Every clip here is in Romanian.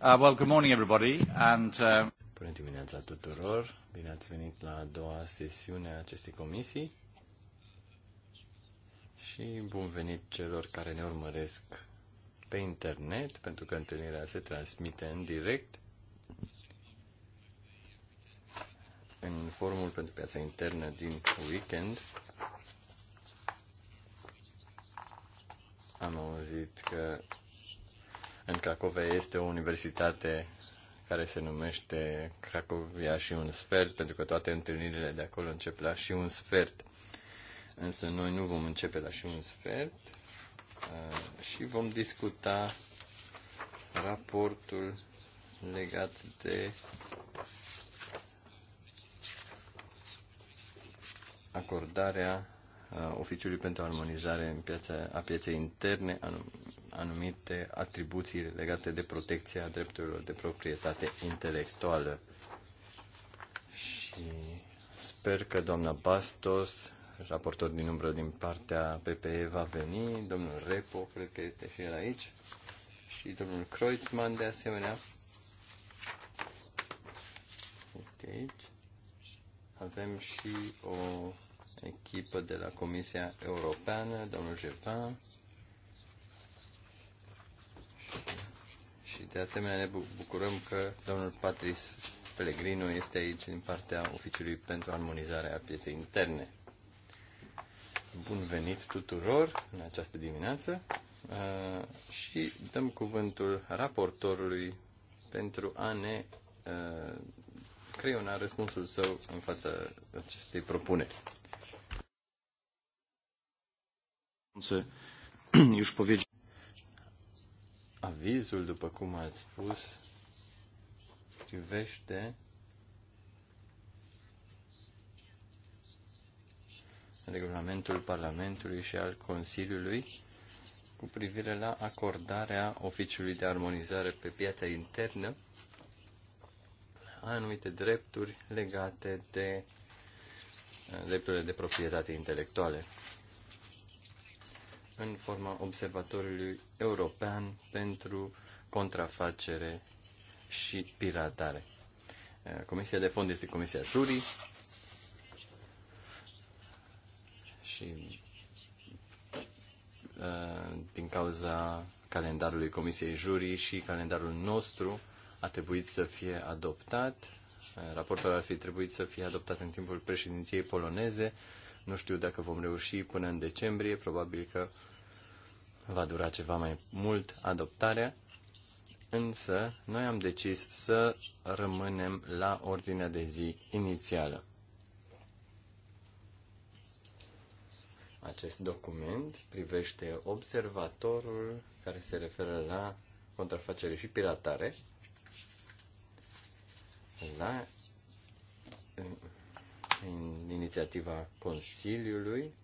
Uh, well, good morning everybody and uh... Bună dimineața tuturor. Bine ați venit la a doua sesiune a acestei comisii. Și bun venit celor care ne urmăresc pe internet, pentru că întâlnirea se transmite în direct în forumul pentru piața internă din weekend, Am auzit că în Cracovia este o universitate care se numește Cracovia și un sfert, pentru că toate întâlnirile de acolo încep la și un sfert. Însă noi nu vom începe la și un sfert uh, și vom discuta raportul legat de acordarea Uh, oficiului pentru Armonizare în piața, a pieței interne anumite atribuții legate de protecția drepturilor de proprietate intelectuală. Și sper că doamna Bastos, raportor din umbră din partea PPE, va veni, domnul Repo, cred că este și el aici, și domnul Kreutzmann de asemenea. Uite aici. Avem și o echipă de la Comisia Europeană, domnul Jefan. Și de asemenea ne bucurăm că domnul Patris Pellegrino este aici din partea Oficiului pentru Armonizarea Pieței Interne. Bun venit tuturor în această dimineață uh, și dăm cuvântul raportorului pentru a ne uh, creiona răspunsul său în fața acestei propuneri. Avizul, după cum ați spus, privește regulamentul Parlamentului și al Consiliului cu privire la acordarea oficiului de armonizare pe piața internă a anumite drepturi legate de uh, drepturile de proprietate intelectuale în forma observatorului European pentru Contrafacere și Piratare. Eh, Comisia de fond este Comisia Jurii și eh, din cauza calendarului Comisiei Jurii și calendarul nostru a trebuit să fie adoptat. Eh, raportul ar fi trebuit să fie adoptat în timpul președinției poloneze. Nu știu dacă vom reuși până în decembrie, probabil că va dura ceva mai mult adoptarea, însă noi am decis să rămânem la ordinea de zi inițială. Acest document privește observatorul care se referă la contrafacere și piratare, la inițiativa Consiliului.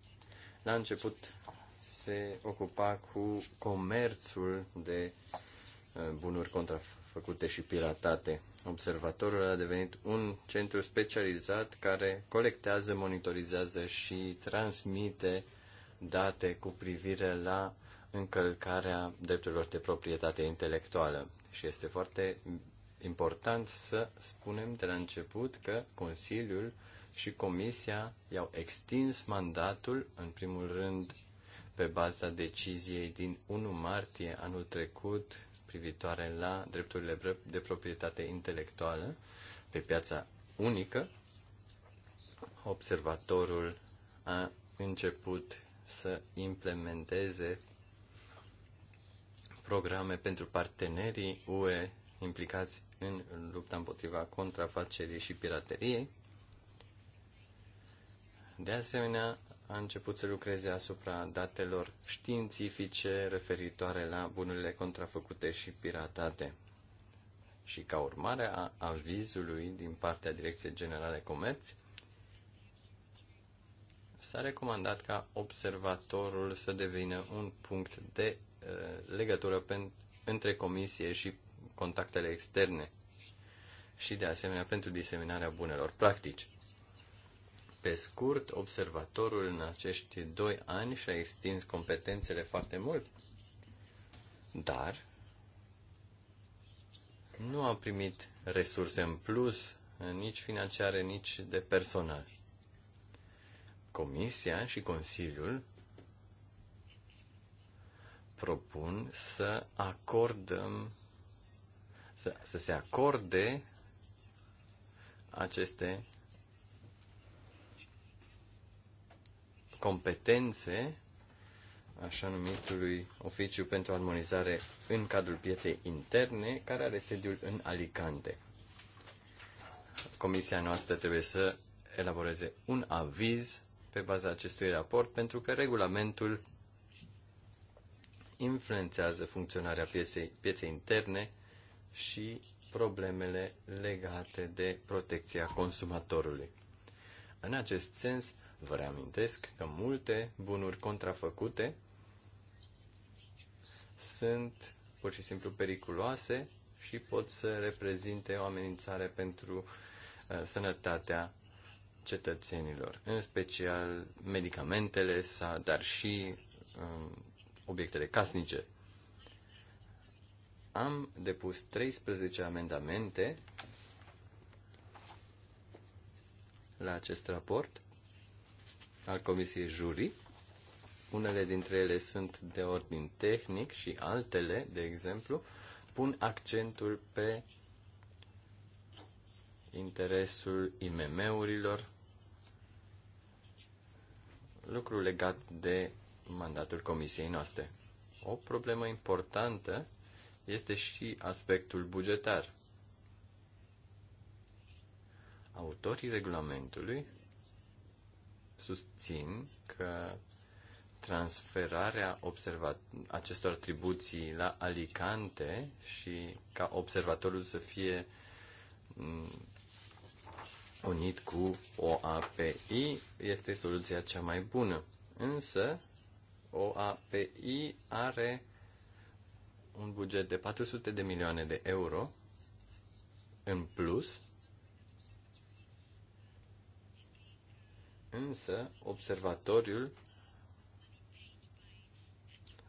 La început se ocupa cu comerțul de uh, bunuri contrafăcute și piratate. Observatorul a devenit un centru specializat care colectează, monitorizează și transmite date cu privire la încălcarea drepturilor de proprietate intelectuală. Și este foarte important să spunem de la început că Consiliul și Comisia i-au extins mandatul, în primul rând, pe baza deciziei din 1 martie anul trecut privitoare la drepturile de proprietate intelectuală pe piața unică, observatorul a început să implementeze programe pentru partenerii UE implicați în lupta împotriva contrafacerii și pirateriei. De asemenea, a început să lucreze asupra datelor științifice referitoare la bunurile contrafăcute și piratate. Și ca urmare a avizului din partea Direcției Generale Comerț, s-a recomandat ca observatorul să devină un punct de uh, legătură între comisie și contactele externe și, de asemenea, pentru diseminarea bunelor practici. Pe scurt, observatorul în acești doi ani și-a extins competențele foarte mult, dar nu a primit resurse în plus, nici financiare, nici de personal. Comisia și Consiliul propun să acordăm să, să se acorde aceste competențe așa numitului oficiu pentru armonizare în cadrul pieței interne, care are sediul în Alicante. Comisia noastră trebuie să elaboreze un aviz pe baza acestui raport, pentru că regulamentul influențează funcționarea pieței, pieței interne și problemele legate de protecția consumatorului. În acest sens, Vă reamintesc că multe bunuri contrafăcute sunt pur și simplu periculoase și pot să reprezinte o amenințare pentru uh, sănătatea cetățenilor, în special medicamentele, dar și um, obiectele casnice. Am depus 13 amendamente la acest raport al Comisiei juri, Unele dintre ele sunt de ordin tehnic și altele, de exemplu, pun accentul pe interesul IMM-urilor, lucru legat de mandatul comisiei noastre. O problemă importantă este și aspectul bugetar. Autorii regulamentului susțin că transferarea observa- acestor atribuții la Alicante și ca observatorul să fie mm, unit cu OAPI este soluția cea mai bună. Însă, OAPI are un buget de 400 de milioane de euro în plus Însă, observatoriul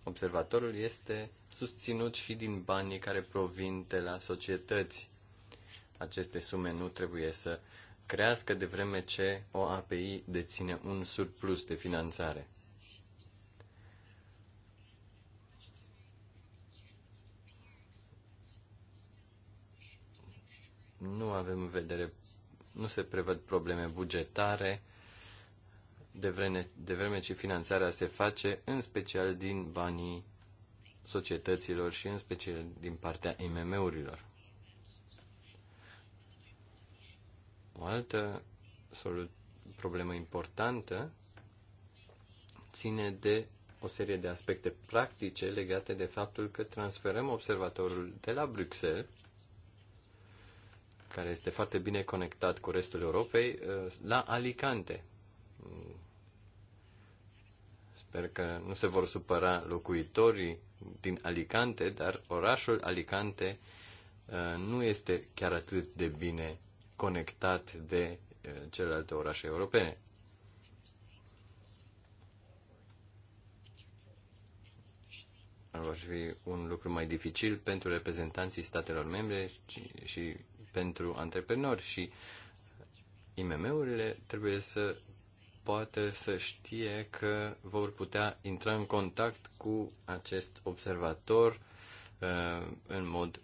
observatorul este susținut și din banii care provin de la societăți. Aceste sume nu trebuie să crească de vreme ce o API deține un surplus de finanțare. Nu avem în vedere, nu se prevăd probleme bugetare, de vreme, de vreme ce finanțarea se face în special din banii societăților și în special din partea IMM-urilor. O altă problemă importantă ține de o serie de aspecte practice legate de faptul că transferăm observatorul de la Bruxelles, care este foarte bine conectat cu restul Europei, la Alicante, Sper că nu se vor supăra locuitorii din Alicante, dar orașul Alicante uh, nu este chiar atât de bine conectat de uh, celelalte orașe europene. Ar fi un lucru mai dificil pentru reprezentanții statelor membre și pentru antreprenori și uh, IMM-urile trebuie să poate să știe că vor putea intra în contact cu acest observator uh, în mod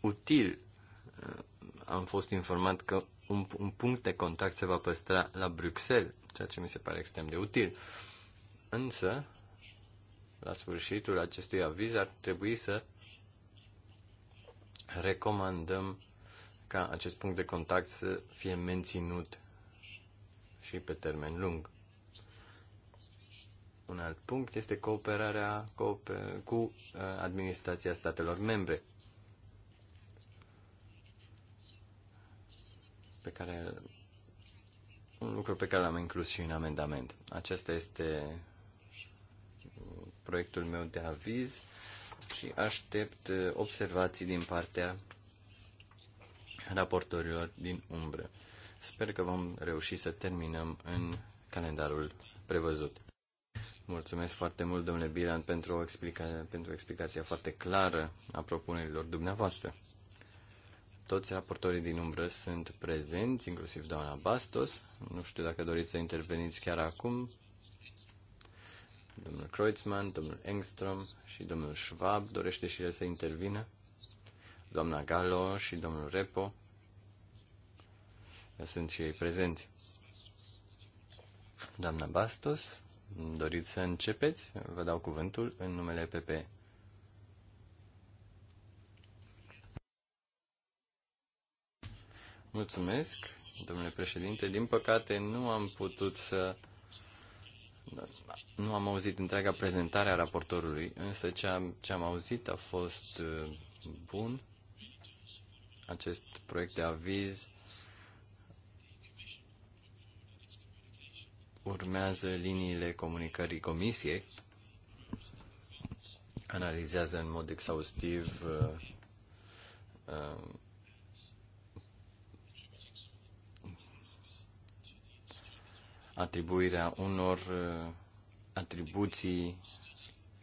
util. Uh, am fost informat că un, un punct de contact se va păstra la Bruxelles, ceea ce mi se pare extrem de util. Însă, la sfârșitul acestui aviz ar trebui să recomandăm ca acest punct de contact să fie menținut și pe termen lung. Un alt punct este cooperarea cu uh, administrația statelor membre, pe care un lucru pe care l-am inclus și în amendament. Acesta este proiectul meu de aviz și aștept uh, observații din partea raportorilor din umbră. Sper că vom reuși să terminăm în calendarul prevăzut. Mulțumesc foarte mult, domnule Bilan, pentru, o explica- pentru explicația foarte clară a propunerilor dumneavoastră. Toți raportorii din umbră sunt prezenți, inclusiv doamna Bastos. Nu știu dacă doriți să interveniți chiar acum. Domnul Kreutzmann, domnul Engstrom și domnul Schwab dorește și el să intervină. Doamna Gallo și domnul Repo sunt și ei prezenți. Doamna Bastos, doriți să începeți? Vă dau cuvântul în numele PP. Mulțumesc, domnule președinte. Din păcate nu am putut să nu am auzit întreaga prezentare a raportorului, însă ce am, ce am auzit a fost uh, bun. Acest proiect de aviz urmează liniile comunicării comisiei, analizează în mod exhaustiv uh, uh, atribuirea unor uh, atribuții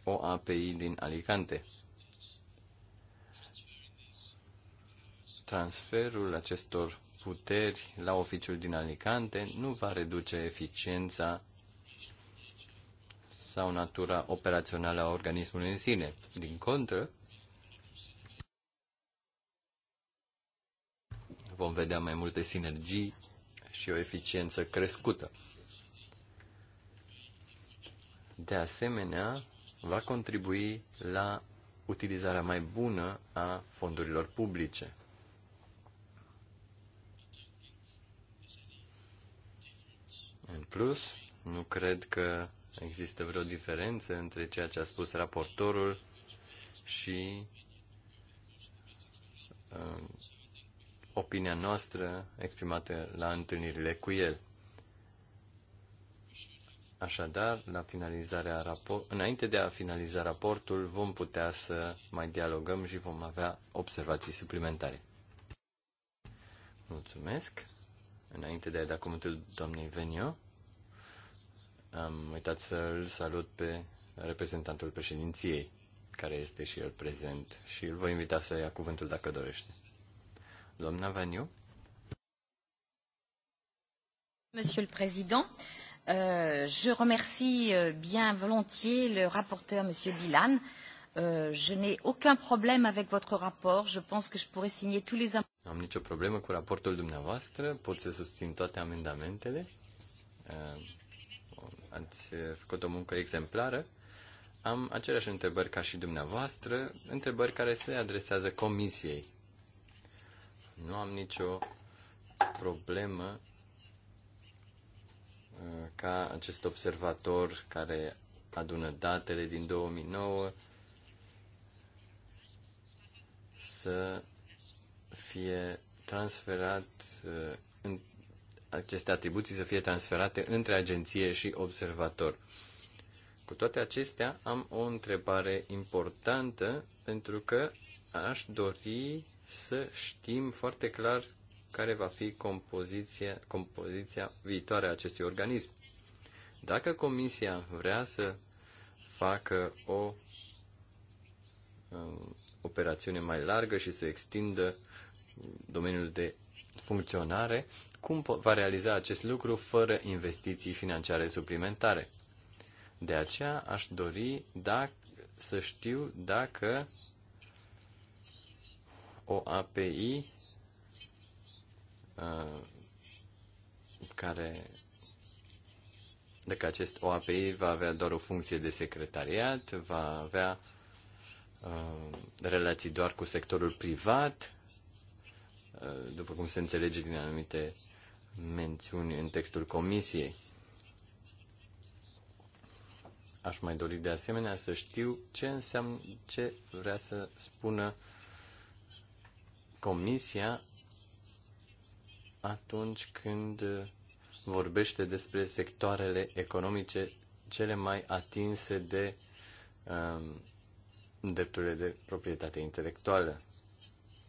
OAPI din Alicante. Transferul acestor puteri la oficiul din Alicante nu va reduce eficiența sau natura operațională a organismului în sine. Din contră, vom vedea mai multe sinergii și o eficiență crescută. De asemenea, va contribui la utilizarea mai bună a fondurilor publice. În plus, nu cred că există vreo diferență între ceea ce a spus raportorul și uh, opinia noastră exprimată la întâlnirile cu el. Așadar, la finalizarea rapor- înainte de a finaliza raportul, vom putea să mai dialogăm și vom avea observații suplimentare. Mulțumesc. Înainte de a da cuvântul doamnei Venio, am uitat să îl salut pe reprezentantul președinției, care este și el prezent și îl voi invita să ia cuvântul dacă dorește. Doamna Vaniu? Monsieur le Président, euh, je remercie euh, bien volontiers le rapporteur, Monsieur Bilan. Euh, je n'ai aucun problème avec votre rapport. Je pense que je pourrais signer tous les amendements. Am nicio problemă cu raportul dumneavoastră. Pot să susțin toate amendamentele. Uh, ați făcut o muncă exemplară. Am aceleași întrebări ca și dumneavoastră, întrebări care se adresează comisiei. Nu am nicio problemă uh, ca acest observator care adună datele din 2009 să fie transferat uh, aceste atribuții să fie transferate între agenție și observator. Cu toate acestea, am o întrebare importantă pentru că aș dori să știm foarte clar care va fi compoziția, compoziția viitoare a acestui organism. Dacă Comisia vrea să facă o um, operațiune mai largă și să extindă domeniul de funcționare, cum va realiza acest lucru fără investiții financiare suplimentare? De aceea aș dori dacă, să știu dacă o API uh, care dacă acest OAPI va avea doar o funcție de secretariat, va avea uh, relații doar cu sectorul privat, Uh, după cum se înțelege din anumite mențiuni în textul comisiei. Aș mai dori de asemenea să știu ce înseamnă, ce vrea să spună comisia atunci când vorbește despre sectoarele economice cele mai atinse de um, drepturile de proprietate intelectuală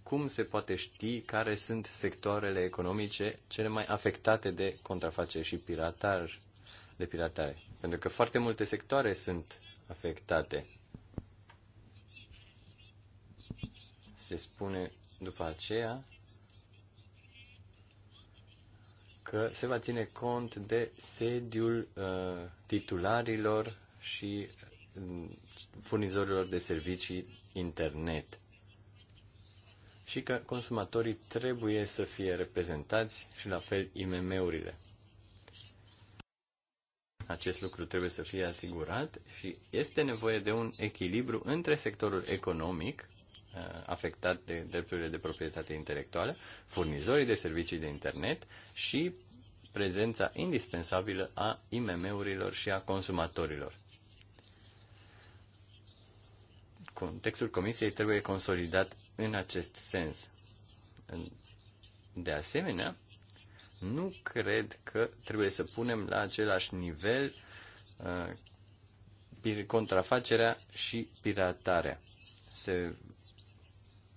cum se poate ști care sunt sectoarele economice cele mai afectate de contrafacere și pirataj, de piratare? Pentru că foarte multe sectoare sunt afectate. Se spune după aceea că se va ține cont de sediul uh, titularilor și mm, furnizorilor de servicii internet și că consumatorii trebuie să fie reprezentați și la fel IMM-urile. Acest lucru trebuie să fie asigurat și este nevoie de un echilibru între sectorul economic uh, afectat de drepturile de proprietate intelectuală, furnizorii de servicii de internet și prezența indispensabilă a IMM-urilor și a consumatorilor. Contextul Comisiei trebuie consolidat în acest sens. De asemenea, nu cred că trebuie să punem la același nivel uh, contrafacerea și piratarea. Se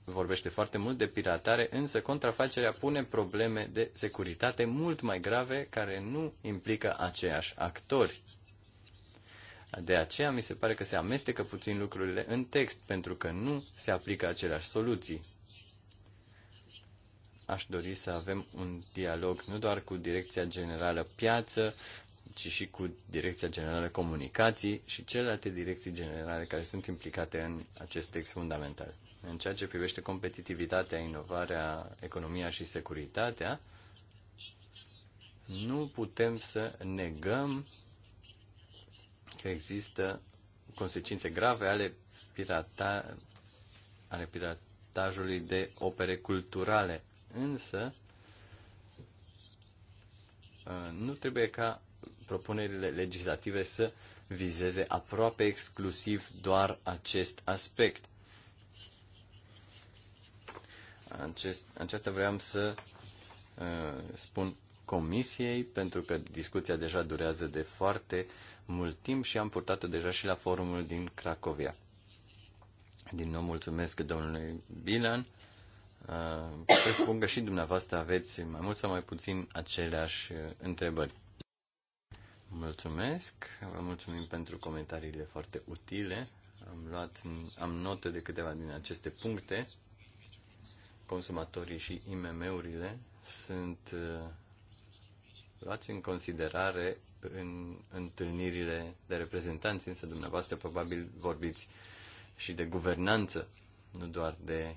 vorbește foarte mult de piratare, însă contrafacerea pune probleme de securitate mult mai grave care nu implică aceiași actori. De aceea mi se pare că se amestecă puțin lucrurile în text, pentru că nu se aplică aceleași soluții. Aș dori să avem un dialog nu doar cu Direcția Generală Piață, ci și cu Direcția Generală Comunicații și celelalte direcții generale care sunt implicate în acest text fundamental. În ceea ce privește competitivitatea, inovarea, economia și securitatea, nu putem să negăm că există consecințe grave ale, pirata, ale piratajului de opere culturale. Însă, uh, nu trebuie ca propunerile legislative să vizeze aproape exclusiv doar acest aspect. Acest, aceasta vreau să uh, spun Comisiei, pentru că discuția deja durează de foarte mult timp și am purtat-o deja și la forumul din Cracovia. Din nou mulțumesc domnului Bilan. Presupun uh, că și dumneavoastră aveți mai mult sau mai puțin aceleași uh, întrebări. Mulțumesc, vă mulțumim pentru comentariile foarte utile. Am luat, am notă de câteva din aceste puncte. Consumatorii și IMM-urile sunt uh, luați în considerare în întâlnirile de reprezentanți, însă dumneavoastră probabil vorbiți și de guvernanță, nu doar de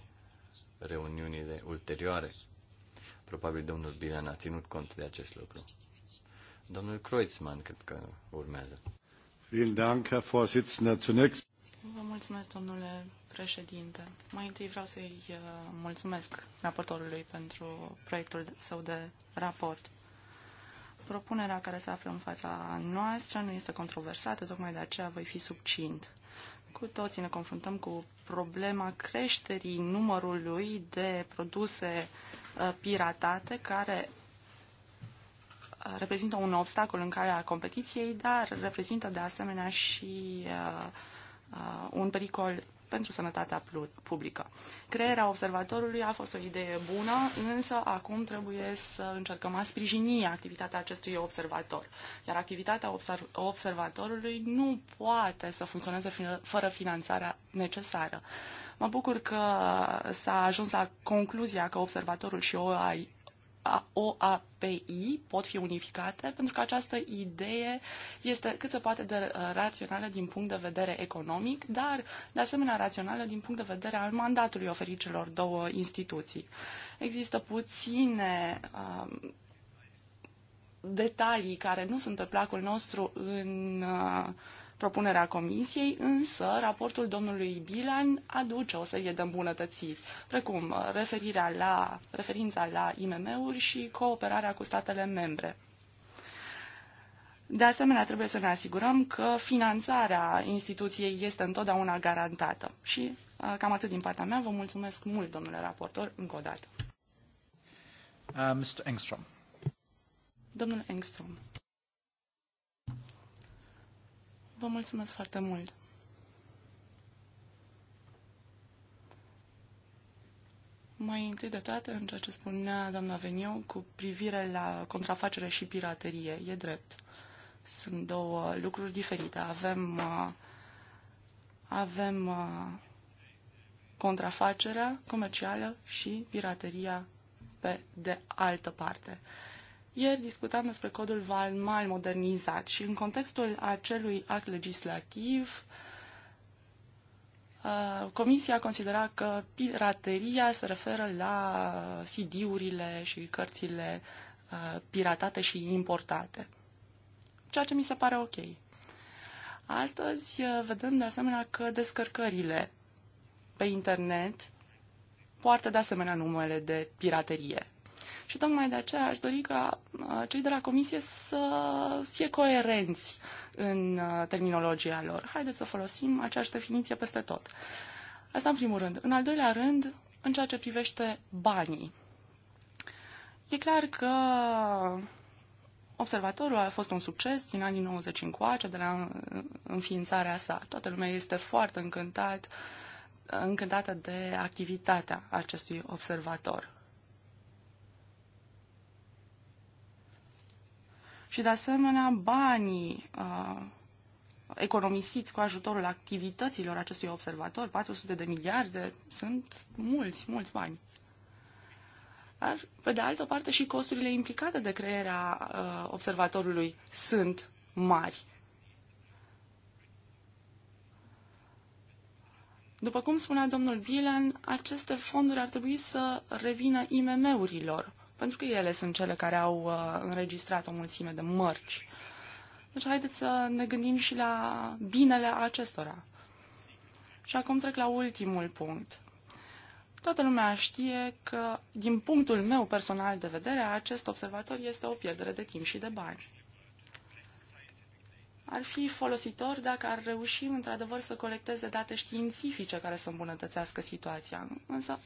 reuniunile ulterioare. Probabil domnul Bilan a ținut cont de acest lucru. Domnul Kreuzmann cred că urmează. Vă mulțumesc, domnule președinte. Mai întâi vreau să-i uh, mulțumesc raportorului pentru proiectul său de raport. Propunerea care se află în fața noastră nu este controversată, tocmai de aceea voi fi subcint. Cu toții ne confruntăm cu problema creșterii numărului de produse uh, piratate care uh, reprezintă un obstacol în calea competiției, dar reprezintă de asemenea și uh, uh, un pericol pentru sănătatea publică. Crearea observatorului a fost o idee bună, însă acum trebuie să încercăm a sprijini activitatea acestui observator. Iar activitatea observ- observatorului nu poate să funcționeze fără finanțarea necesară. Mă bucur că s-a ajuns la concluzia că observatorul și OAI OAPI pot fi unificate, pentru că această idee este cât se poate de uh, rațională din punct de vedere economic, dar de asemenea rațională din punct de vedere al mandatului oferit celor două instituții. Există puține um, detalii care nu sunt pe placul nostru în uh, propunerea comisiei, însă raportul domnului Bilan aduce o serie de îmbunătățiri, precum uh, referirea la, referința la IMM-uri și cooperarea cu statele membre. De asemenea, trebuie să ne asigurăm că finanțarea instituției este întotdeauna garantată. Și uh, cam atât din partea mea. Vă mulțumesc mult, domnule raportor, încă o dată. Uh, Mr. Engstrom. Domnul Engstrom. Vă mulțumesc foarte mult! Mai întâi de toate, în ceea ce spunea doamna Veniu cu privire la contrafacere și piraterie, e drept. Sunt două lucruri diferite. Avem, uh, avem uh, contrafacerea comercială și pirateria pe de altă parte. Uh, ieri discutam despre codul VALMAL modernizat și în contextul acelui act legislativ, uh, Comisia considera că pirateria se referă la CD-urile și cărțile uh, piratate și importate, ceea ce mi se pare ok. Astăzi uh, vedem de asemenea că descărcările pe internet poartă de asemenea numele de piraterie. Și tocmai de aceea aș dori ca uh, cei de la comisie să fie coerenți în uh, terminologia lor. Haideți să folosim aceeași definiție peste tot. Asta în primul rând. În al doilea rând, în ceea ce privește banii. E clar că Observatorul a fost un succes din anii 90 încoace, de la uh, înființarea sa. Toată lumea este foarte încântat, încântată de activitatea acestui observator. și, de asemenea, banii uh, economisiți cu ajutorul activităților acestui observator, 400 de miliarde, sunt mulți, mulți bani. Dar, pe de altă parte, și costurile implicate de crearea uh, observatorului sunt mari. După cum spunea domnul Bilan, aceste fonduri ar trebui să revină IMM-urilor pentru că ele sunt cele care au uh, înregistrat o mulțime de mărci. Deci haideți să ne gândim și la binele acestora. Și acum trec la ultimul punct. Toată lumea știe că, din punctul meu personal de vedere, acest observator este o pierdere de timp și de bani. Ar fi folositor dacă ar reuși, într-adevăr, să colecteze date științifice care să îmbunătățească situația. Însă,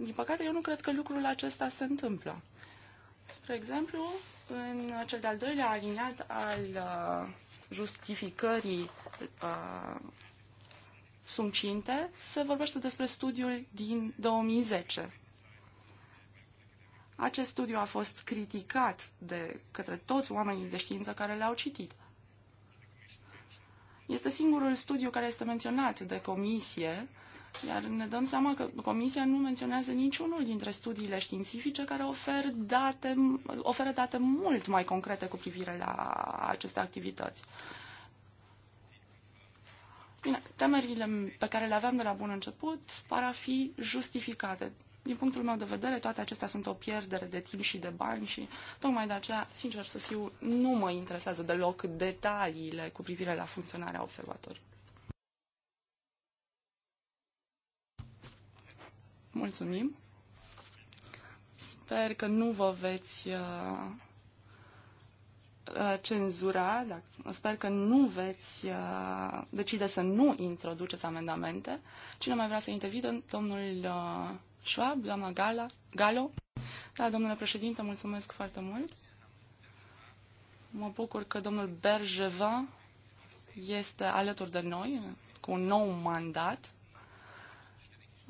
din păcate, eu nu cred că lucrul acesta se întâmplă. Spre exemplu, în cel de-al doilea aliniat al uh, justificării uh, sumcinte, se vorbește despre studiul din 2010. Acest studiu a fost criticat de către toți oamenii de știință care l-au citit. Este singurul studiu care este menționat de comisie iar ne dăm seama că Comisia nu menționează niciunul dintre studiile științifice care ofer date, oferă date mult mai concrete cu privire la aceste activități. Bine, temerile pe care le aveam de la bun început par a fi justificate. Din punctul meu de vedere, toate acestea sunt o pierdere de timp și de bani și tocmai de aceea, sincer să fiu, nu mă interesează deloc detaliile cu privire la funcționarea observatorului. Mulțumim. Sper că nu vă veți uh, uh, cenzura, sper că nu veți uh, decide să nu introduceți amendamente. Cine mai vrea să intervină? Domnul Schwab, doamna Gala, Galo. Da, domnule președinte, mulțumesc foarte mult. Mă bucur că domnul Bergeva este alături de noi cu un nou mandat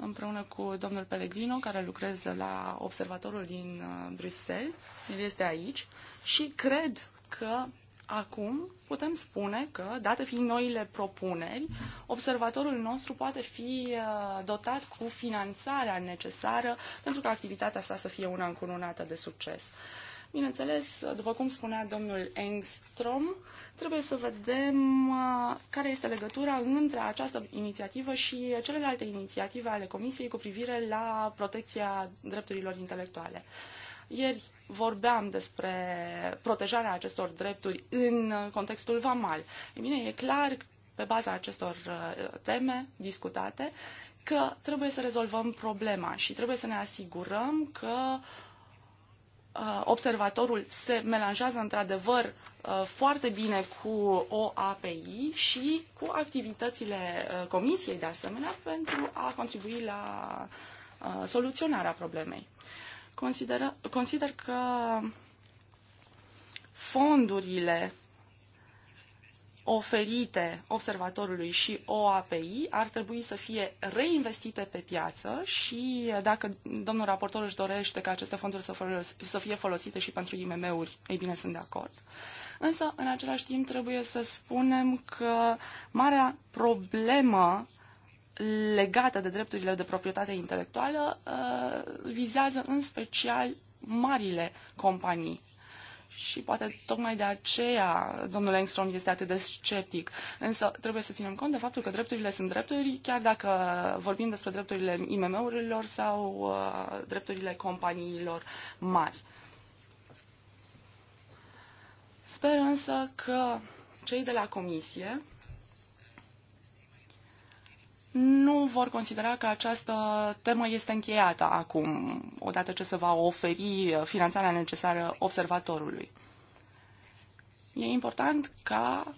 împreună cu domnul Pellegrino, care lucrează la observatorul din uh, Bruxelles. El este aici și cred că acum putem spune că, date fiind noile propuneri, observatorul nostru poate fi uh, dotat cu finanțarea necesară pentru ca activitatea sa să fie una încununată de succes. Uh, Bineînțeles, după cum spunea domnul Engstrom, trebuie să vedem uh, care este legătura între această inițiativă și celelalte inițiative ale Comisiei cu privire la protecția drepturilor intelectuale. Ieri vorbeam despre protejarea acestor drepturi în contextul vamal. E bine, e clar, pe baza acestor uh, teme discutate, că trebuie să rezolvăm problema și trebuie să ne asigurăm că uh, Uh, observatorul se melanjează într-adevăr uh, foarte bine cu OAPI și cu activitățile uh, comisiei de asemenea pentru a contribui la soluționarea problemei. Consider, consider că fondurile oferite observatorului și OAPI ar trebui să fie reinvestite pe piață și dacă domnul raportor își dorește ca aceste fonduri să, folos- să fie folosite și pentru IMM-uri, ei bine, sunt de acord. Însă, în același timp, trebuie să spunem că marea problemă legată de drepturile de proprietate intelectuală uh, vizează în special marile companii și poate tocmai de aceea domnul Engstrom este atât de sceptic. Însă trebuie să ținem cont de faptul că drepturile sunt drepturi, chiar dacă vorbim despre drepturile IMM-urilor sau uh, drepturile companiilor mari. Sper însă că cei de la comisie nu vor considera că această temă este încheiată acum, odată ce se va oferi finanțarea necesară observatorului. E important ca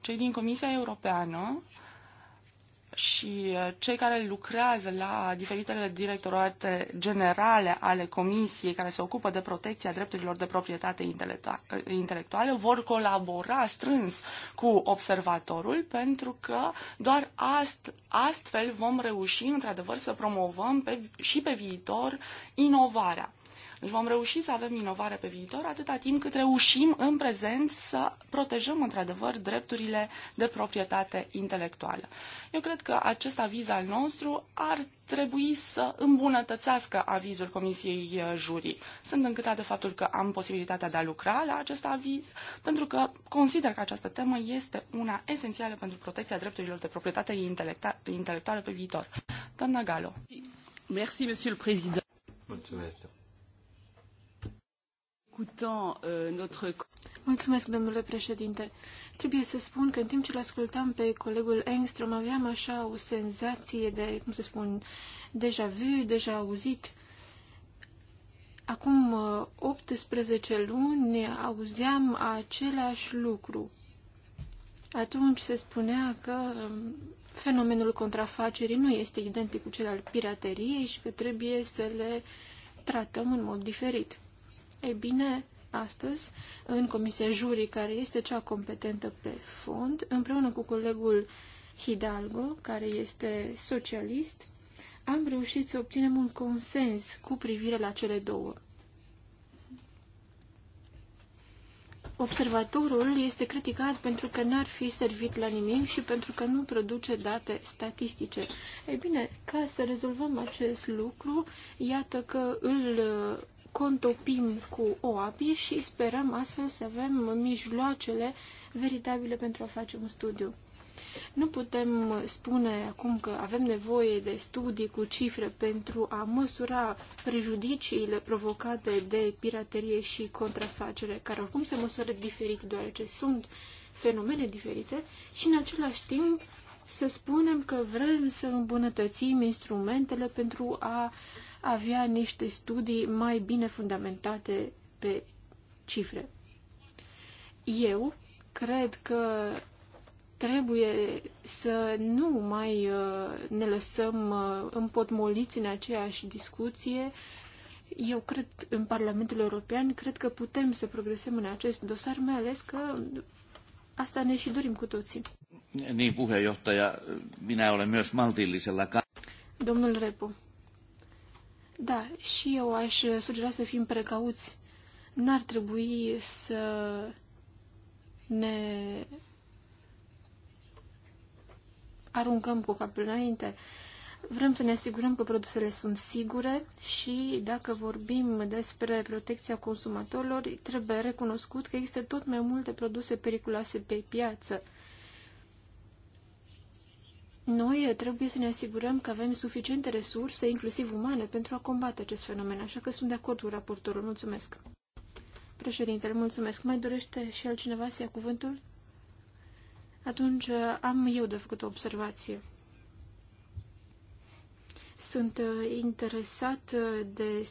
cei din Comisia Europeană și uh, cei care lucrează la diferitele directorate generale ale comisiei care se ocupă de protecția drepturilor de proprietate uh, intelectuală vor colabora strâns cu observatorul pentru că doar ast- astfel vom reuși într-adevăr să promovăm pe, și pe viitor inovarea. Deci vom reuși să avem inovare pe viitor atâta timp cât reușim în prezent să protejăm într-adevăr drepturile de proprietate intelectuală. Eu cred că acest aviz al nostru ar trebui să îmbunătățească avizul Comisiei eh, Jurii. Sunt încântat de faptul că am posibilitatea de a lucra la acest aviz, pentru că consider că această temă este una esențială pentru protecția drepturilor de proprietate intelectuală pe viitor. Doamna Galo. domnule Mulțumesc, écoutant euh, notre... Mulțumesc, domnule președinte. Trebuie să spun că în timp ce îl ascultam pe colegul Engstrom, aveam așa o senzație de, cum să spun, deja vu, deja auzit. Acum 18 uh, luni auzeam același lucru. Atunci se spunea că um, fenomenul contrafacerii nu este identic cu cel al pirateriei și că trebuie să le tratăm în mod diferit. Ei bine, astăzi, în Comisia juri care este cea competentă pe fond, împreună cu colegul Hidalgo, care este socialist, am reușit să obținem un consens cu privire la cele două. Observatorul este criticat pentru că n-ar fi servit la nimic și pentru că nu produce date statistice. Ei bine, ca să rezolvăm acest lucru, iată că îl contopim cu o api și sperăm astfel să avem mijloacele veritabile pentru a face un studiu. Nu putem spune acum că avem nevoie de studii cu cifre pentru a măsura prejudiciile provocate de piraterie și contrafacere, care oricum se măsură diferit, deoarece sunt fenomene diferite și în același timp să spunem că vrem să îmbunătățim instrumentele pentru a uh, avea niște studii mai bine fundamentate pe cifre. Eu cred că trebuie să nu mai uh, ne lăsăm uh, împotmoliți în aceeași discuție. Eu cred, în Parlamentul European, cred că putem să progresăm în acest dosar, mai ales că asta ne și dorim cu toții. Niin, puheenjohtaja, minä olen myös maltillisella Domnul Repo. Da, și eu aș sugera să fim precauți. N-ar trebui să ne aruncăm cu capul înainte. Vrem să ne asigurăm că produsele sunt sigure și dacă vorbim despre protecția consumatorilor, trebuie recunoscut că există tot mai multe produse periculoase pe piață. Noi trebuie să ne asigurăm că avem suficiente resurse, inclusiv umane, pentru a combate acest fenomen, așa că sunt de acord cu raportorul. Mulțumesc. Președintele, mulțumesc. Mai dorește și altcineva să ia cuvântul? Atunci uh, am eu de făcut o observație. Sunt uh, interesat de uh,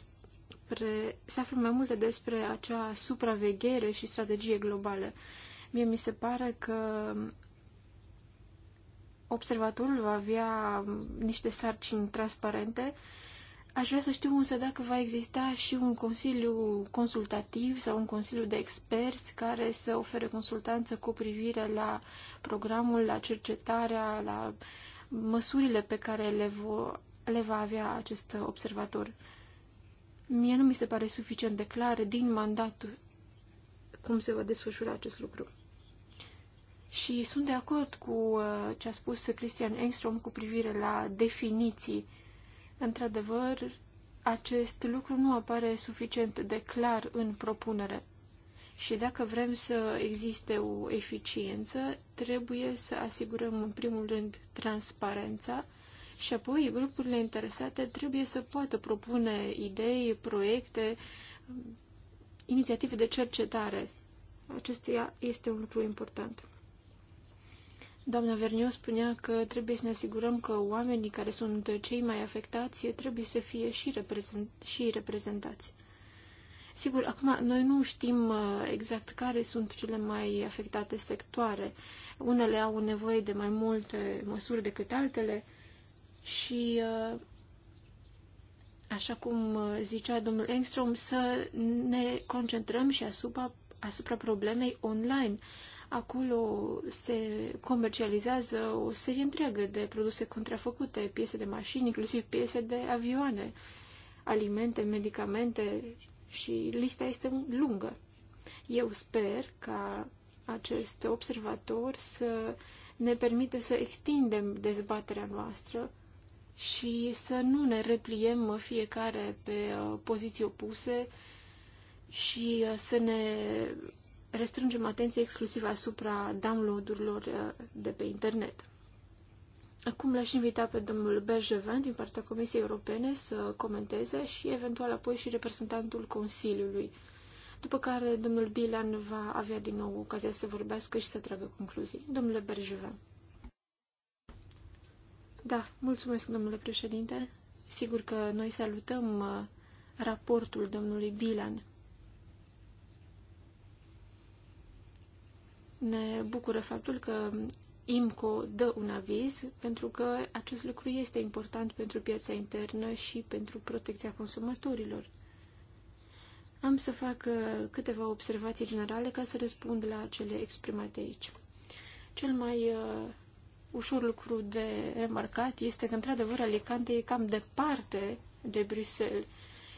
despre, să aflu mai multe despre acea supraveghere și strategie globală. Mie mi se pare că observatorul va avea niște sarcini transparente. Aș vrea să știu însă dacă va exista și un consiliu consultativ sau un consiliu de experți care să ofere consultanță cu privire la programul, la cercetarea, la măsurile pe care le, vo- le va avea acest observator. Mie nu mi se pare suficient de clar din mandat cum se va desfășura acest lucru. Și sunt de acord cu uh, ce a spus Christian Engstrom cu privire la definiții. Într-adevăr, acest lucru nu apare suficient de clar în propunere. Și dacă vrem să existe o eficiență, trebuie să asigurăm în primul rând transparența și apoi grupurile interesate trebuie să poată propune idei, proiecte, inițiative de cercetare. Acestea este un lucru important. Doamna Verniu spunea că trebuie să ne asigurăm că oamenii care sunt cei mai afectați trebuie să fie și, reprezent, și reprezentați. Sigur, acum noi nu știm uh, exact care sunt cele mai afectate sectoare. Unele au nevoie de mai multe măsuri decât altele și, uh, așa cum uh, zicea domnul Engstrom, să ne concentrăm și asupra, asupra problemei online Acolo se comercializează o serie întreagă de produse contrafăcute, piese de mașini, inclusiv piese de avioane, alimente, medicamente și lista este lungă. Eu sper ca acest observator să ne permite să extindem dezbaterea noastră și să nu ne repliem fiecare pe uh, poziții opuse și uh, să ne restrângem atenția exclusiv asupra download-urilor uh, de pe internet. Acum l-aș invita pe domnul Bergevin din partea Comisiei Europene să comenteze și eventual apoi și reprezentantul Consiliului, după care domnul Bilan va avea din nou ocazia să vorbească și să tragă concluzii. Domnule Bergevin. Da, mulțumesc, domnule președinte. Sigur că noi salutăm uh, raportul domnului Bilan Ne bucură faptul că IMCO dă un aviz, pentru că acest lucru este important pentru piața internă și pentru protecția consumatorilor. Am să fac uh, câteva observații generale ca să răspund la cele exprimate aici. Cel mai uh, ușor lucru de remarcat este că, într-adevăr, Alicante e cam departe de Bruxelles.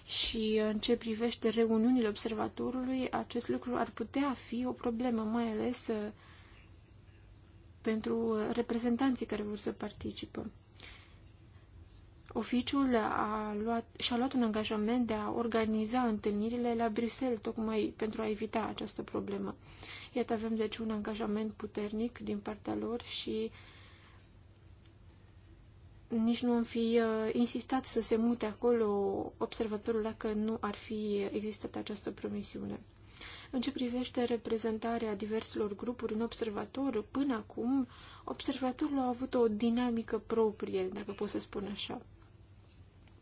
Și uh, în ce privește reuniunile observatorului, acest lucru ar putea fi o problemă, mai ales uh, pentru uh, reprezentanții care vor să participă. Oficiul a luat, și-a luat un angajament de a organiza întâlnirile la Bruxelles, tocmai pentru a evita această problemă. Iată, avem deci un angajament puternic din partea lor și uh, nici nu am fi uh, insistat să se mute acolo observatorul dacă nu ar fi existat această promisiune. În ce privește reprezentarea diverselor grupuri în observator, până acum, observatorul a avut o dinamică proprie, dacă pot să spun așa.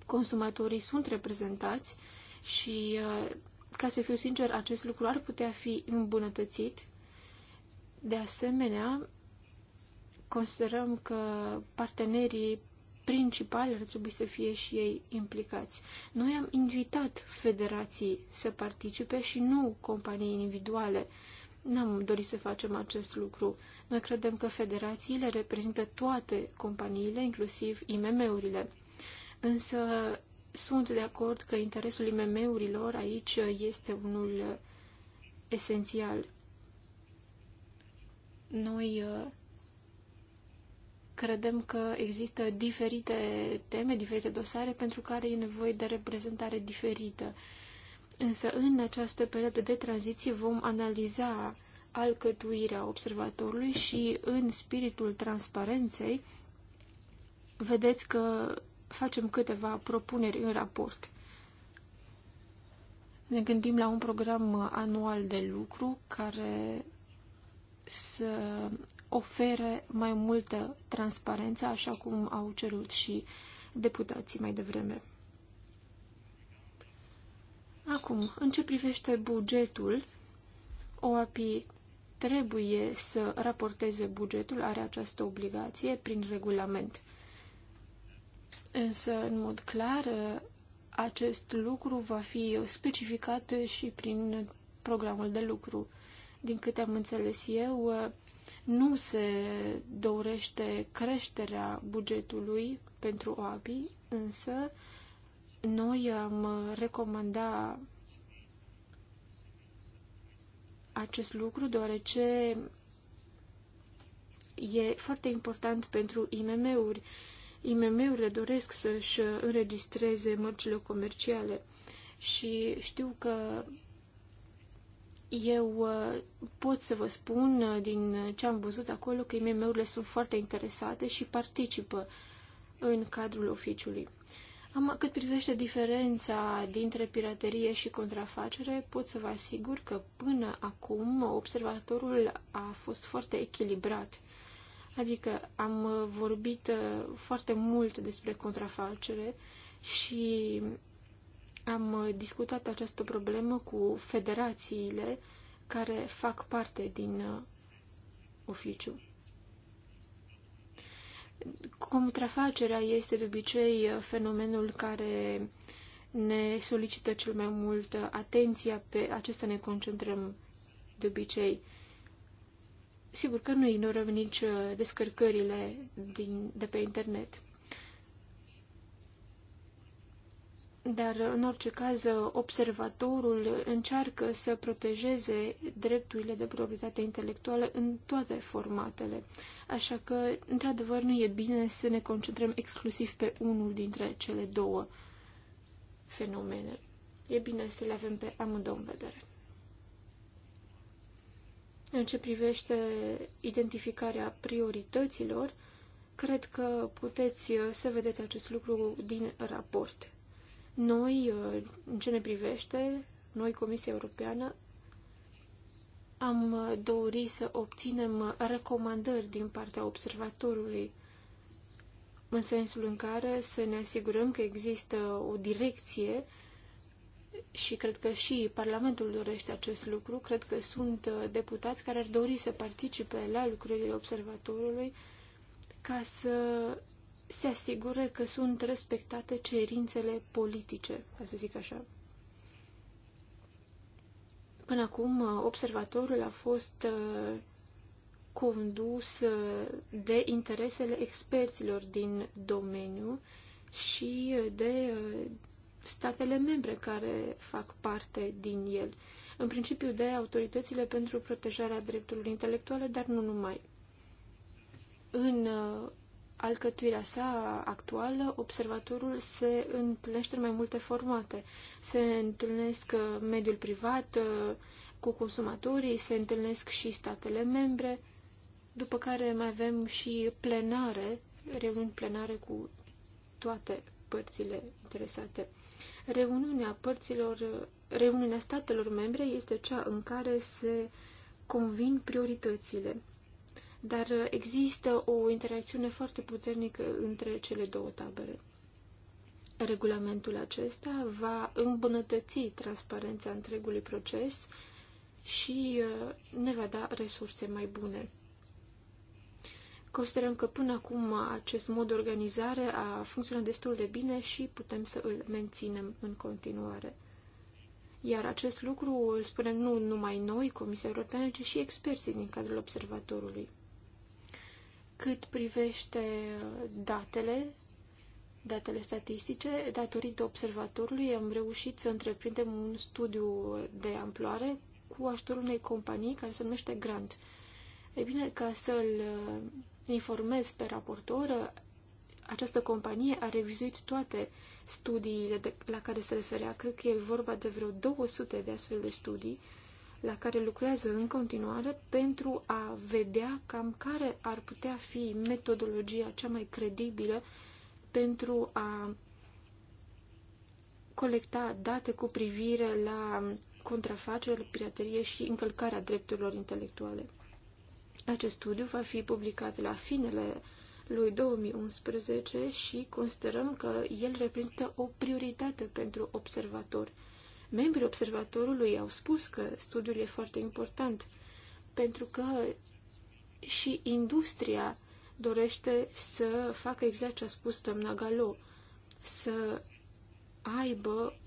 Consumatorii sunt reprezentați și, uh, ca să fiu sincer, acest lucru ar putea fi îmbunătățit. De asemenea, considerăm că partenerii principali ar trebui să fie și ei implicați. Noi am invitat federații să participe și nu companii individuale. N-am dorit să facem acest lucru. Noi credem că federațiile reprezintă toate companiile, inclusiv IMM-urile. Însă sunt de acord că interesul IMM-urilor aici este unul esențial. Noi uh, Credem că există diferite teme, diferite dosare pentru care e nevoie de reprezentare diferită. Însă în această perioadă de tranziție vom analiza alcătuirea observatorului și în spiritul transparenței vedeți că facem câteva propuneri în raport. Ne gândim la un program anual de lucru care să ofere mai multă transparență, așa cum au cerut și deputații mai devreme. Acum, în ce privește bugetul, OAPI trebuie să raporteze bugetul, are această obligație prin regulament. Însă, în mod clar, acest lucru va fi specificat și prin programul de lucru. Din câte am înțeles eu, nu se dorește creșterea bugetului pentru OABI, însă noi am recomanda acest lucru deoarece e foarte important pentru IMM-uri. IMM-urile doresc să-și înregistreze mărcile comerciale și știu că eu uh, pot să vă spun uh, din ce am văzut acolo că IMM-urile sunt foarte interesate și participă în cadrul oficiului. Am, cât privește diferența dintre piraterie și contrafacere, pot să vă asigur că până acum observatorul a fost foarte echilibrat. Adică am uh, vorbit foarte mult despre contrafacere și am uh, discutat această problemă cu federațiile care fac parte din uh, oficiu. Contrafacerea este de obicei uh, fenomenul care ne solicită cel mai mult atenția, pe acesta ne concentrăm de obicei. Sigur că nu ignorăm nici descărcările din, de pe internet. Dar, în orice caz, observatorul încearcă să protejeze drepturile de proprietate intelectuală în toate formatele. Așa că, într-adevăr, nu e bine să ne concentrăm exclusiv pe unul dintre cele două fenomene. E bine să le avem pe amândouă în vedere. În ce privește identificarea priorităților, cred că puteți să vedeți acest lucru din raport. Noi, uh, în ce ne privește, noi, Comisia Europeană, am uh, dorit să obținem uh, recomandări din partea observatorului, în sensul în care să ne asigurăm că există o direcție și cred că și Parlamentul dorește acest lucru. Cred că sunt deputați care ar dori să participe la lucrurile observatorului ca să se asigure că sunt respectate cerințele politice, ca să zic așa. Până acum, observatorul a fost uh, condus uh, de interesele experților din domeniu și uh, de statele membre care fac parte din el. În principiu de autoritățile pentru protejarea drepturilor intelectuale, dar nu numai. În alcătuirea sa actuală, observatorul se întâlnește în mai multe formate. Se întâlnesc uh, mediul privat uh, cu consumatorii, se întâlnesc și statele membre, după care mai avem și plenare, reuniuni plenare cu toate părțile interesate. Reuniunea părților, uh, reuniunea statelor membre este cea în care se convin prioritățile dar există o interacțiune foarte puternică între cele două tabere. Regulamentul acesta va îmbunătăți transparența întregului proces și uh, ne va da resurse mai bune. Considerăm că până acum acest mod de organizare a funcționat destul de bine și putem să îl menținem în continuare. Iar acest lucru îl spunem nu numai noi, Comisia Europeană, ci și experții din cadrul observatorului. Cât privește datele, datele statistice, datorită observatorului am reușit să întreprindem un studiu de amploare cu ajutorul unei companii care se numește Grant. E bine, ca să-l uh, informez pe raportor, uh, această companie a revizuit toate studiile de, la care se referea. Cred că e vorba de vreo 200 de astfel de studii la care lucrează în continuare pentru a vedea cam care ar putea fi metodologia cea mai credibilă pentru a colecta date cu privire la contrafacere, piraterie și încălcarea drepturilor intelectuale. Acest studiu va fi publicat la finele lui 2011 și considerăm că el reprezintă o prioritate pentru observatori Membrii observatorului au spus că studiul e foarte important, pentru că și industria dorește să facă exact ce a spus doamna Galo, să aibă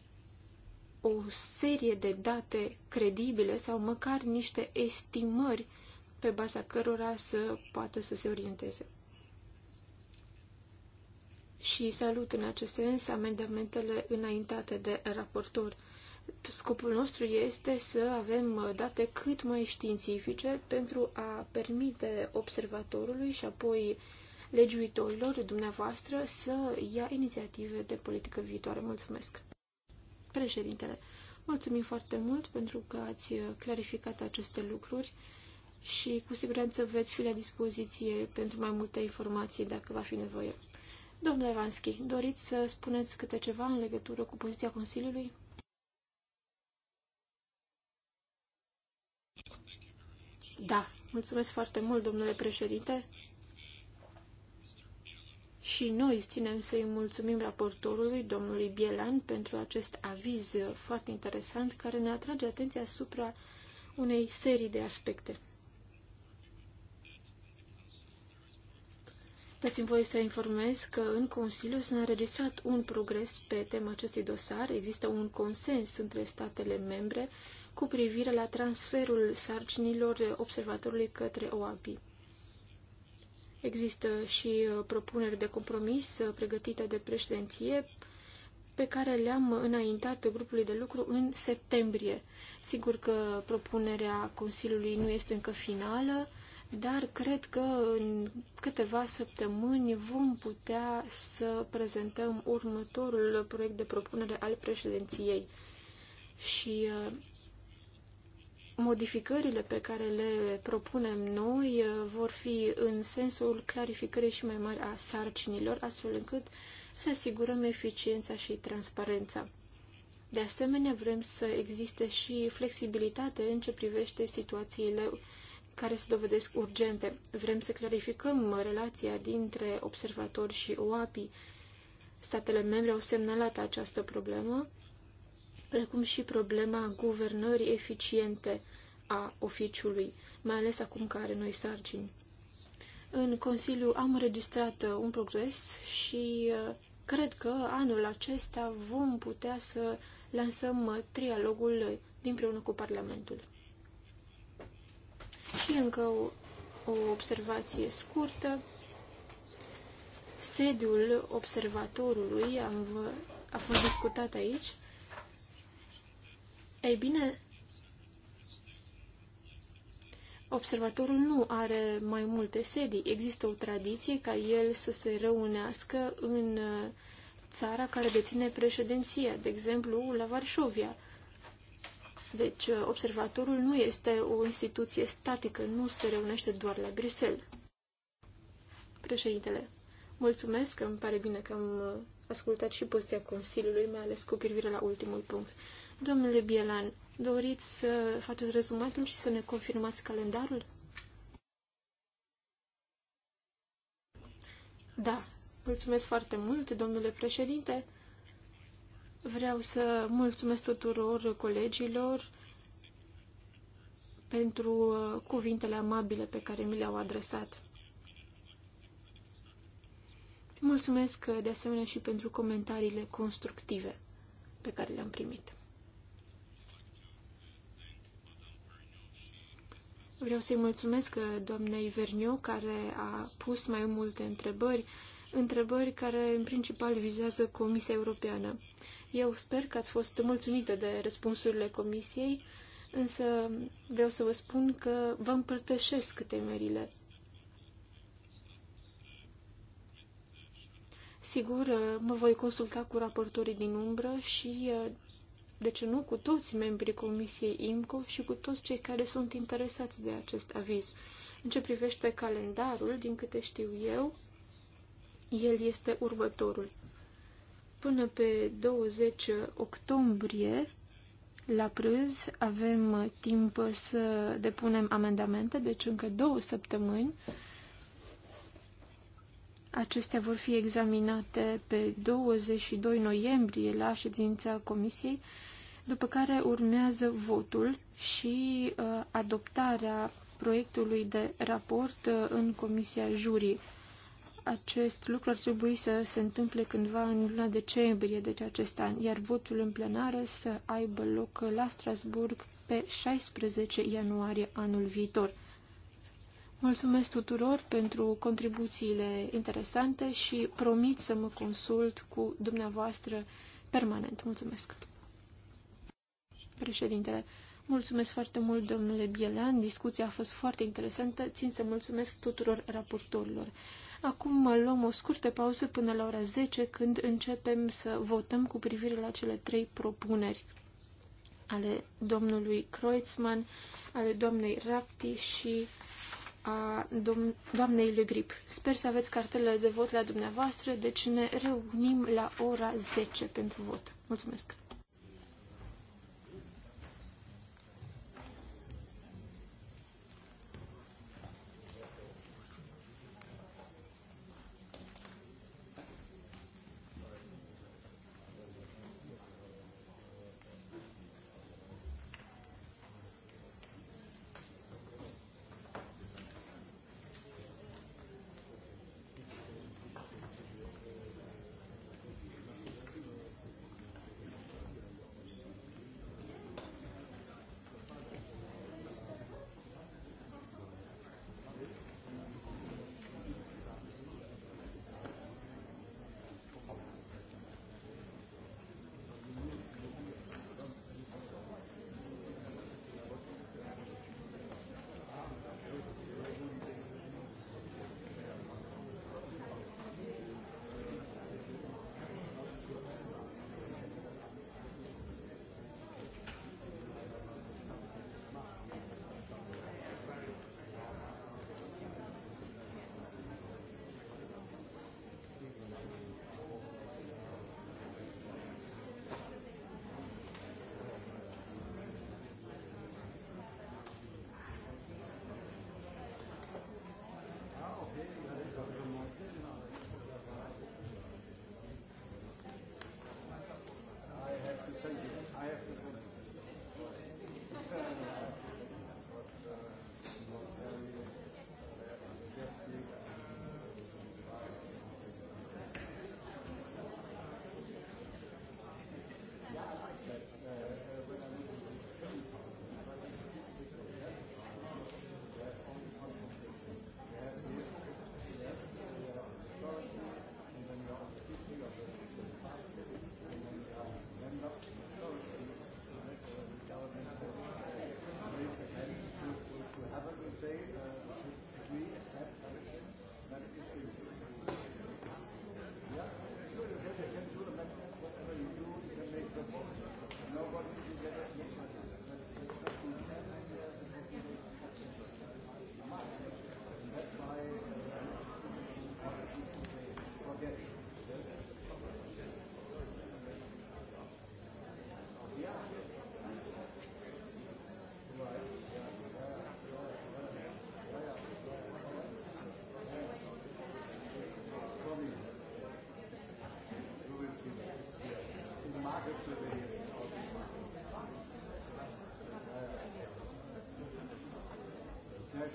o serie de date credibile sau măcar niște estimări pe baza cărora să poată să se orienteze. Și salut în acest sens amendamentele înaintate de raportor. Scopul nostru este să avem uh, date cât mai științifice pentru a permite observatorului și apoi legiuitorilor dumneavoastră să ia inițiative de politică viitoare. Mulțumesc! Președintele, mulțumim foarte mult pentru că ați uh, clarificat aceste lucruri și cu siguranță veți fi la dispoziție pentru mai multe informații dacă va fi nevoie. Domnule Vanski, doriți să spuneți câte ceva în legătură cu poziția Consiliului? Da. Mulțumesc foarte mult, domnule președinte. Și noi ținem să-i mulțumim raportorului, domnului Bielan, pentru acest aviz foarte interesant care ne atrage atenția asupra unei serii de aspecte. Dați-mi voie să informez că în Consiliu s-a înregistrat un progres pe tema acestui dosar. Există un consens între statele membre cu privire la transferul sarcinilor observatorului către OAPI. Există și uh, propuneri de compromis uh, pregătite de președinție pe care le-am înaintat grupului de lucru în septembrie. Sigur că propunerea Consiliului nu este încă finală, dar cred că în câteva săptămâni vom putea să prezentăm următorul proiect de propunere al președinției. Și uh, modificările pe care le propunem noi uh, vor fi în sensul clarificării și mai mari a sarcinilor, astfel încât să asigurăm eficiența și transparența. De asemenea, vrem să existe și flexibilitate în ce privește situațiile care se dovedesc urgente. Vrem să clarificăm relația dintre observatori și OAPI. Statele membre au semnalat această problemă, precum și problema guvernării eficiente a oficiului, mai ales acum că are noi sarcini. În Consiliu am înregistrat uh, un progres și uh, cred că anul acesta vom putea să lansăm uh, trialogul împreună cu Parlamentul. Și încă o, o observație scurtă. Sediul observatorului am, a fost discutat aici. Ei bine, Observatorul nu are mai multe sedii. Există o tradiție ca el să se reunească în uh, țara care deține președinția, de exemplu la Varșovia. Deci, uh, observatorul nu este o instituție statică, nu se reunește doar la Bruxelles. Președintele, mulțumesc, îmi pare bine că am uh, ascultat și poziția Consiliului, mai ales cu privire la ultimul punct. Domnule Bielan, Doriți să faceți rezumatul și să ne confirmați calendarul? Da, mulțumesc foarte mult, domnule președinte. Vreau să mulțumesc tuturor colegilor pentru uh, cuvintele amabile pe care mi le-au adresat. Mulțumesc uh, de asemenea și pentru comentariile constructive pe care le-am primit. Vreau să-i mulțumesc uh, doamnei Verniu, care a pus mai multe întrebări, întrebări care în principal vizează Comisia Europeană. Eu sper că ați fost mulțumită de răspunsurile Comisiei, însă vreau să vă spun că vă împărtășesc temerile. Sigur, uh, mă voi consulta cu raportorii din umbră și uh, de ce nu, cu toți membrii Comisiei IMCO și cu toți cei care sunt interesați de acest aviz. În ce privește calendarul, din câte știu eu, el este următorul. Până pe 20 octombrie, la prânz, avem timp să depunem amendamente, deci încă două săptămâni. Acestea vor fi examinate pe 22 noiembrie la ședința Comisiei după care urmează votul și uh, adoptarea proiectului de raport uh, în Comisia Jurii. Acest lucru ar trebui să se întâmple cândva în luna decembrie, deci acest an, iar votul în plenară să aibă loc la Strasburg pe 16 ianuarie anul viitor. Mulțumesc tuturor pentru contribuțiile interesante și promit să mă consult cu dumneavoastră permanent. Mulțumesc! Președintele, mulțumesc foarte mult, domnule Bielan. Discuția a fost foarte interesantă. Țin să mulțumesc tuturor raportorilor. Acum luăm o scurtă pauză până la ora 10, când începem să votăm cu privire la cele trei propuneri ale domnului Kreutzmann, ale doamnei Rapti și a doamnei Le Grip. Sper să aveți cartelele de vot la dumneavoastră, deci ne reunim la ora 10 pentru vot. Mulțumesc!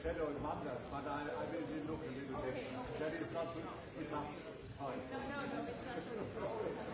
shadow and wonders, but I, I will look a little okay, bit. Okay. That is not enough. No, no, it's not.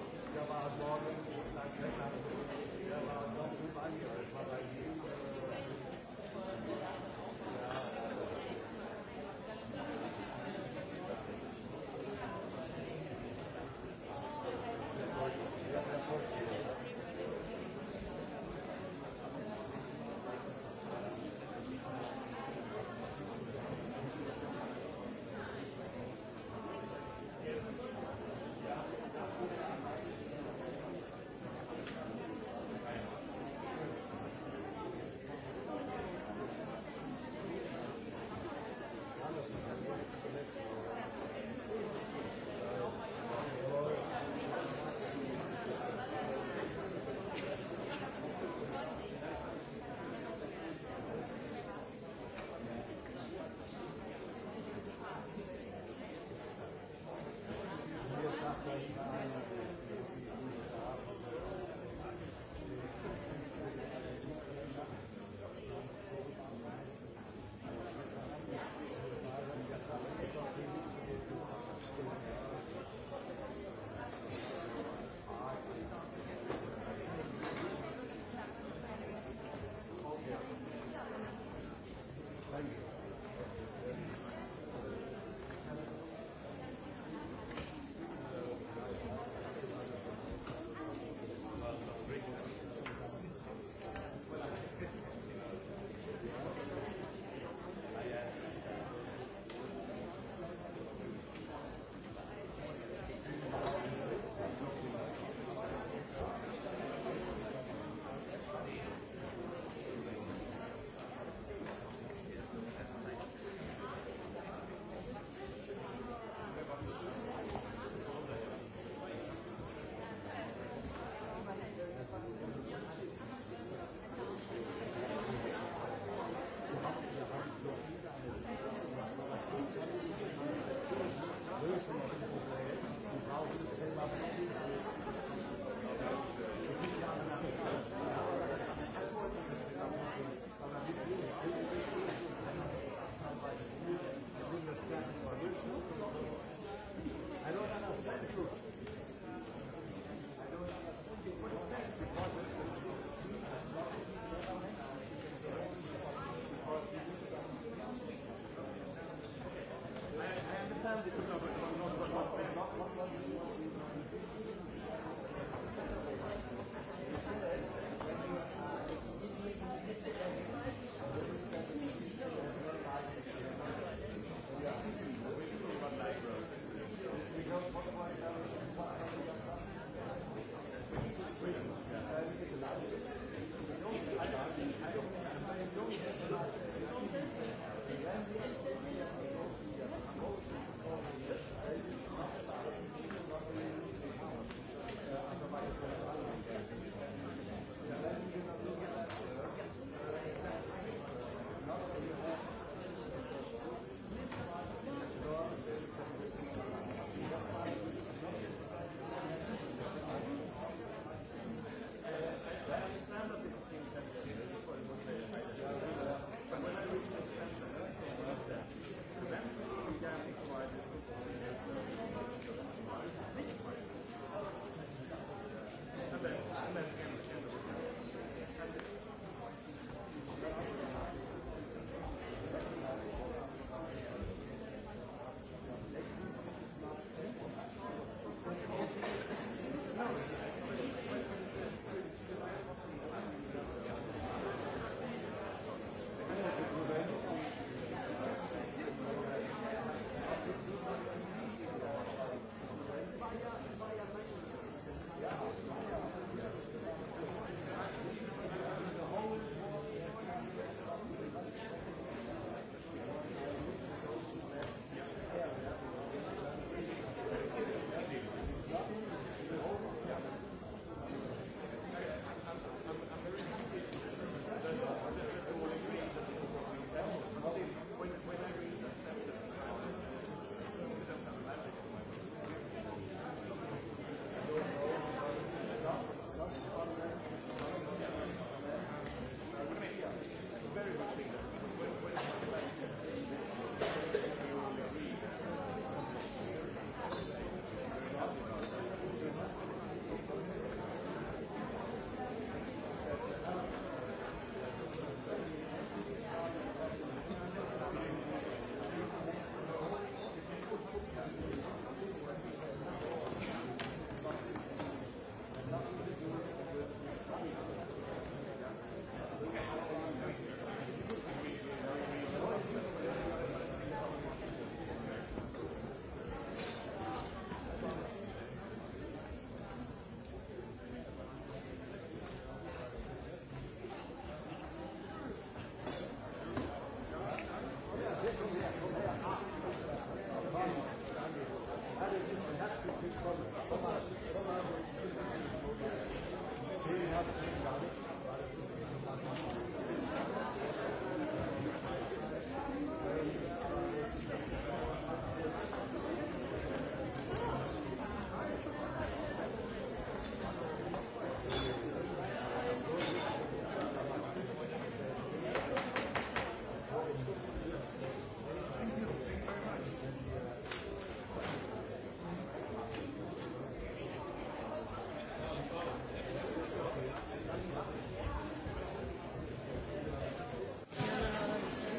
Mulțumesc.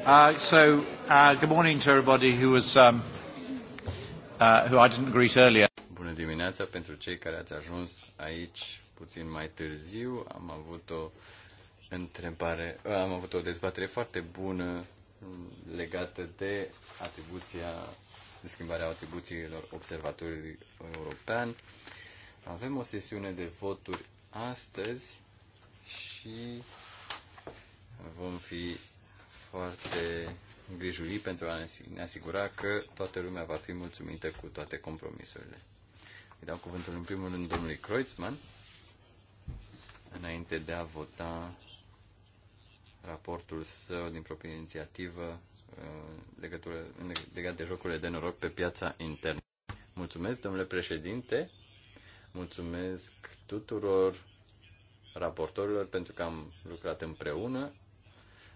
Uh, so, uh, good morning to everybody who was um, uh, who I didn't greet earlier. Bună dimineața pentru cei care ați ajuns aici puțin mai târziu. Am avut o întrebare, uh, am avut o dezbatere foarte bună legată de atribuția, de schimbarea atribuțiilor observatorului european. Avem o sesiune de voturi astăzi și vom fi foarte grijuli pentru a ne asigura că toată lumea va fi mulțumită cu toate compromisurile. Îi dau cuvântul în primul rând domnului Kreutzmann, înainte de a vota raportul său din proprie inițiativă legătură, legat de jocurile de noroc pe piața internă. Mulțumesc, domnule președinte, mulțumesc tuturor raportorilor pentru că am lucrat împreună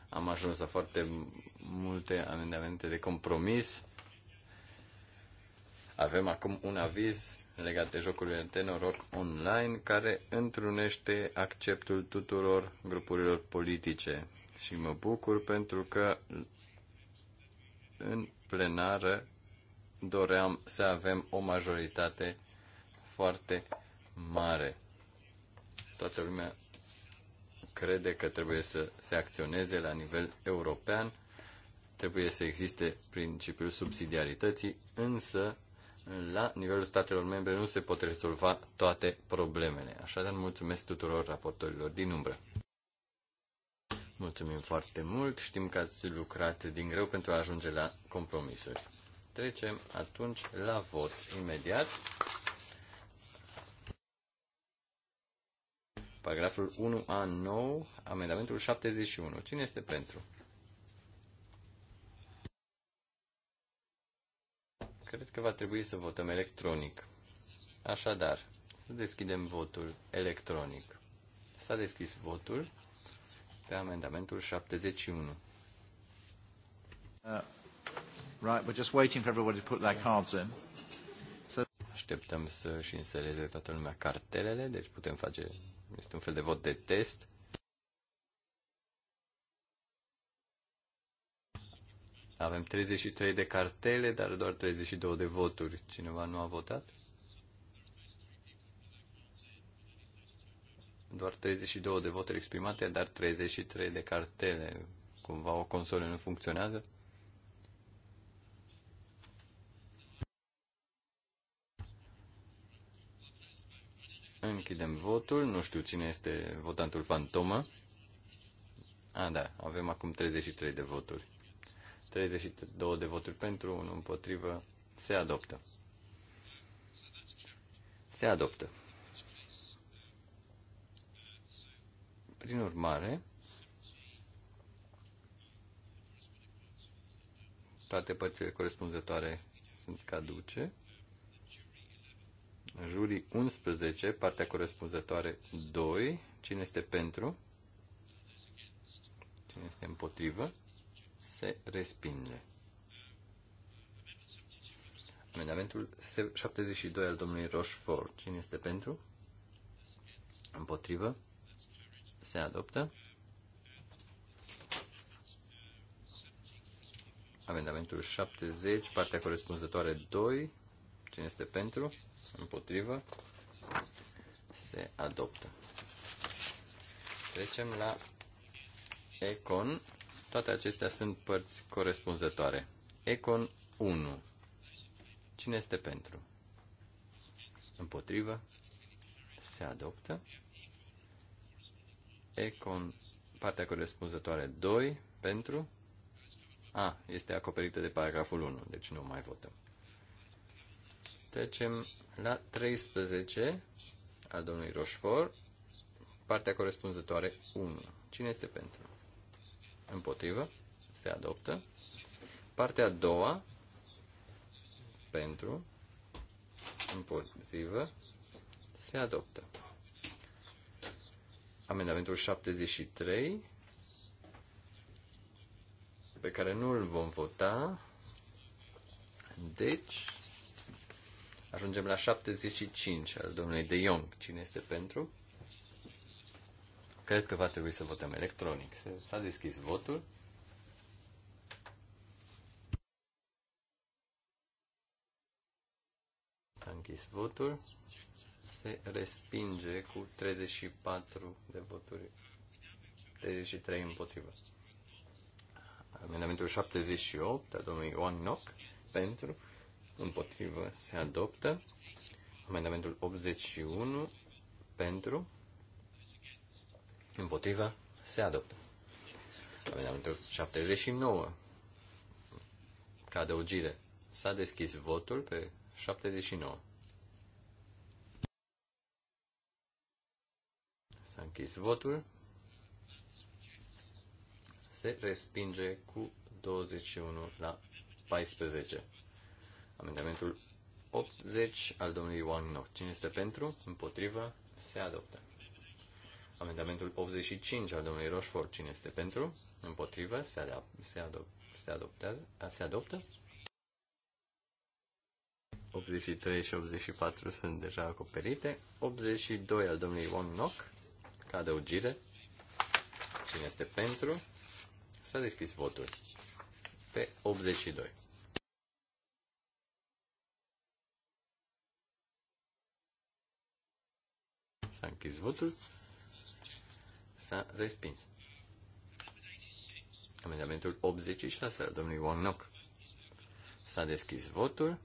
am ajuns la foarte multe amendamente de compromis. Avem acum un aviz legat de jocurile de noroc online care întrunește acceptul tuturor grupurilor politice. Și mă bucur pentru că în plenară doream să avem o majoritate foarte mare. Toată lumea crede că trebuie să se acționeze la nivel european, trebuie să existe principiul subsidiarității, însă la nivelul statelor membre nu se pot rezolva toate problemele. Așadar, mulțumesc tuturor raportorilor din umbră. Mulțumim foarte mult. Știm că ați lucrat din greu pentru a ajunge la compromisuri. Trecem atunci la vot imediat. Paragraful 1A9, amendamentul 71. Cine este pentru? Cred că va trebui să votăm electronic. Așadar, să deschidem votul electronic. S-a deschis votul pe amendamentul 71. Uh, right, we're just waiting for everybody to put their cards in. So... Așteptăm să-și insereze toată lumea cartelele, deci putem face este un fel de vot de test. Avem 33 de cartele, dar doar 32 de voturi. Cineva nu a votat? Doar 32 de voturi exprimate, dar 33 de cartele. Cumva o consolă nu funcționează? Închidem votul. Nu știu cine este votantul fantomă. A, da, avem acum 33 de voturi. 32 de voturi pentru, unul împotrivă. Se adoptă. Se adoptă. Prin urmare, toate părțile corespunzătoare sunt caduce. Jurii 11, partea corespunzătoare 2. Cine este pentru? Cine este împotrivă? Se respinge. Amendamentul 72 al domnului Rochefort. Cine este pentru? Împotrivă? Se adoptă. Amendamentul 70, partea corespunzătoare 2. Cine este pentru? Împotrivă? Se adoptă. Trecem la Econ. Toate acestea sunt părți corespunzătoare. Econ 1. Cine este pentru? Împotrivă? Se adoptă. Econ, partea corespunzătoare 2, pentru? A, este acoperită de paragraful 1, deci nu mai votăm. Trecem la 13 al domnului Roșfor, partea corespunzătoare 1. Cine este pentru? Împotrivă? Se adoptă. Partea a doua, pentru, împotrivă, se adoptă. Amendamentul 73, pe care nu îl vom vota, deci Ajungem la 75 al domnului De Jong. Cine este pentru? Cred că va trebui să votăm electronic. S-a deschis votul. S-a închis votul. Se respinge cu 34 de voturi. 33 împotrivă. Amendamentul 78 al domnului Wang Knock pentru împotrivă, se adoptă. Amendamentul 81 pentru, împotrivă, se adoptă. Amendamentul 79 ca adăugire. S-a deschis votul pe 79. S-a închis votul. Se respinge cu 21 la 14. Amendamentul 80 al domnului Ioan Noc, Cine este pentru? Împotrivă? Se adoptă. Amendamentul 85 al domnului Rochefort. Cine este pentru? Împotrivă? Se, se, adop- se, adoptează? se adoptă? 83 și 84 sunt deja acoperite. 82 al domnului Ioan Noc, ca adăugire. Cine este pentru? S-a deschis votul pe 82. S-a închis votul. S-a respins. Amendamentul 86 al domnului Wong Nok. S-a deschis votul.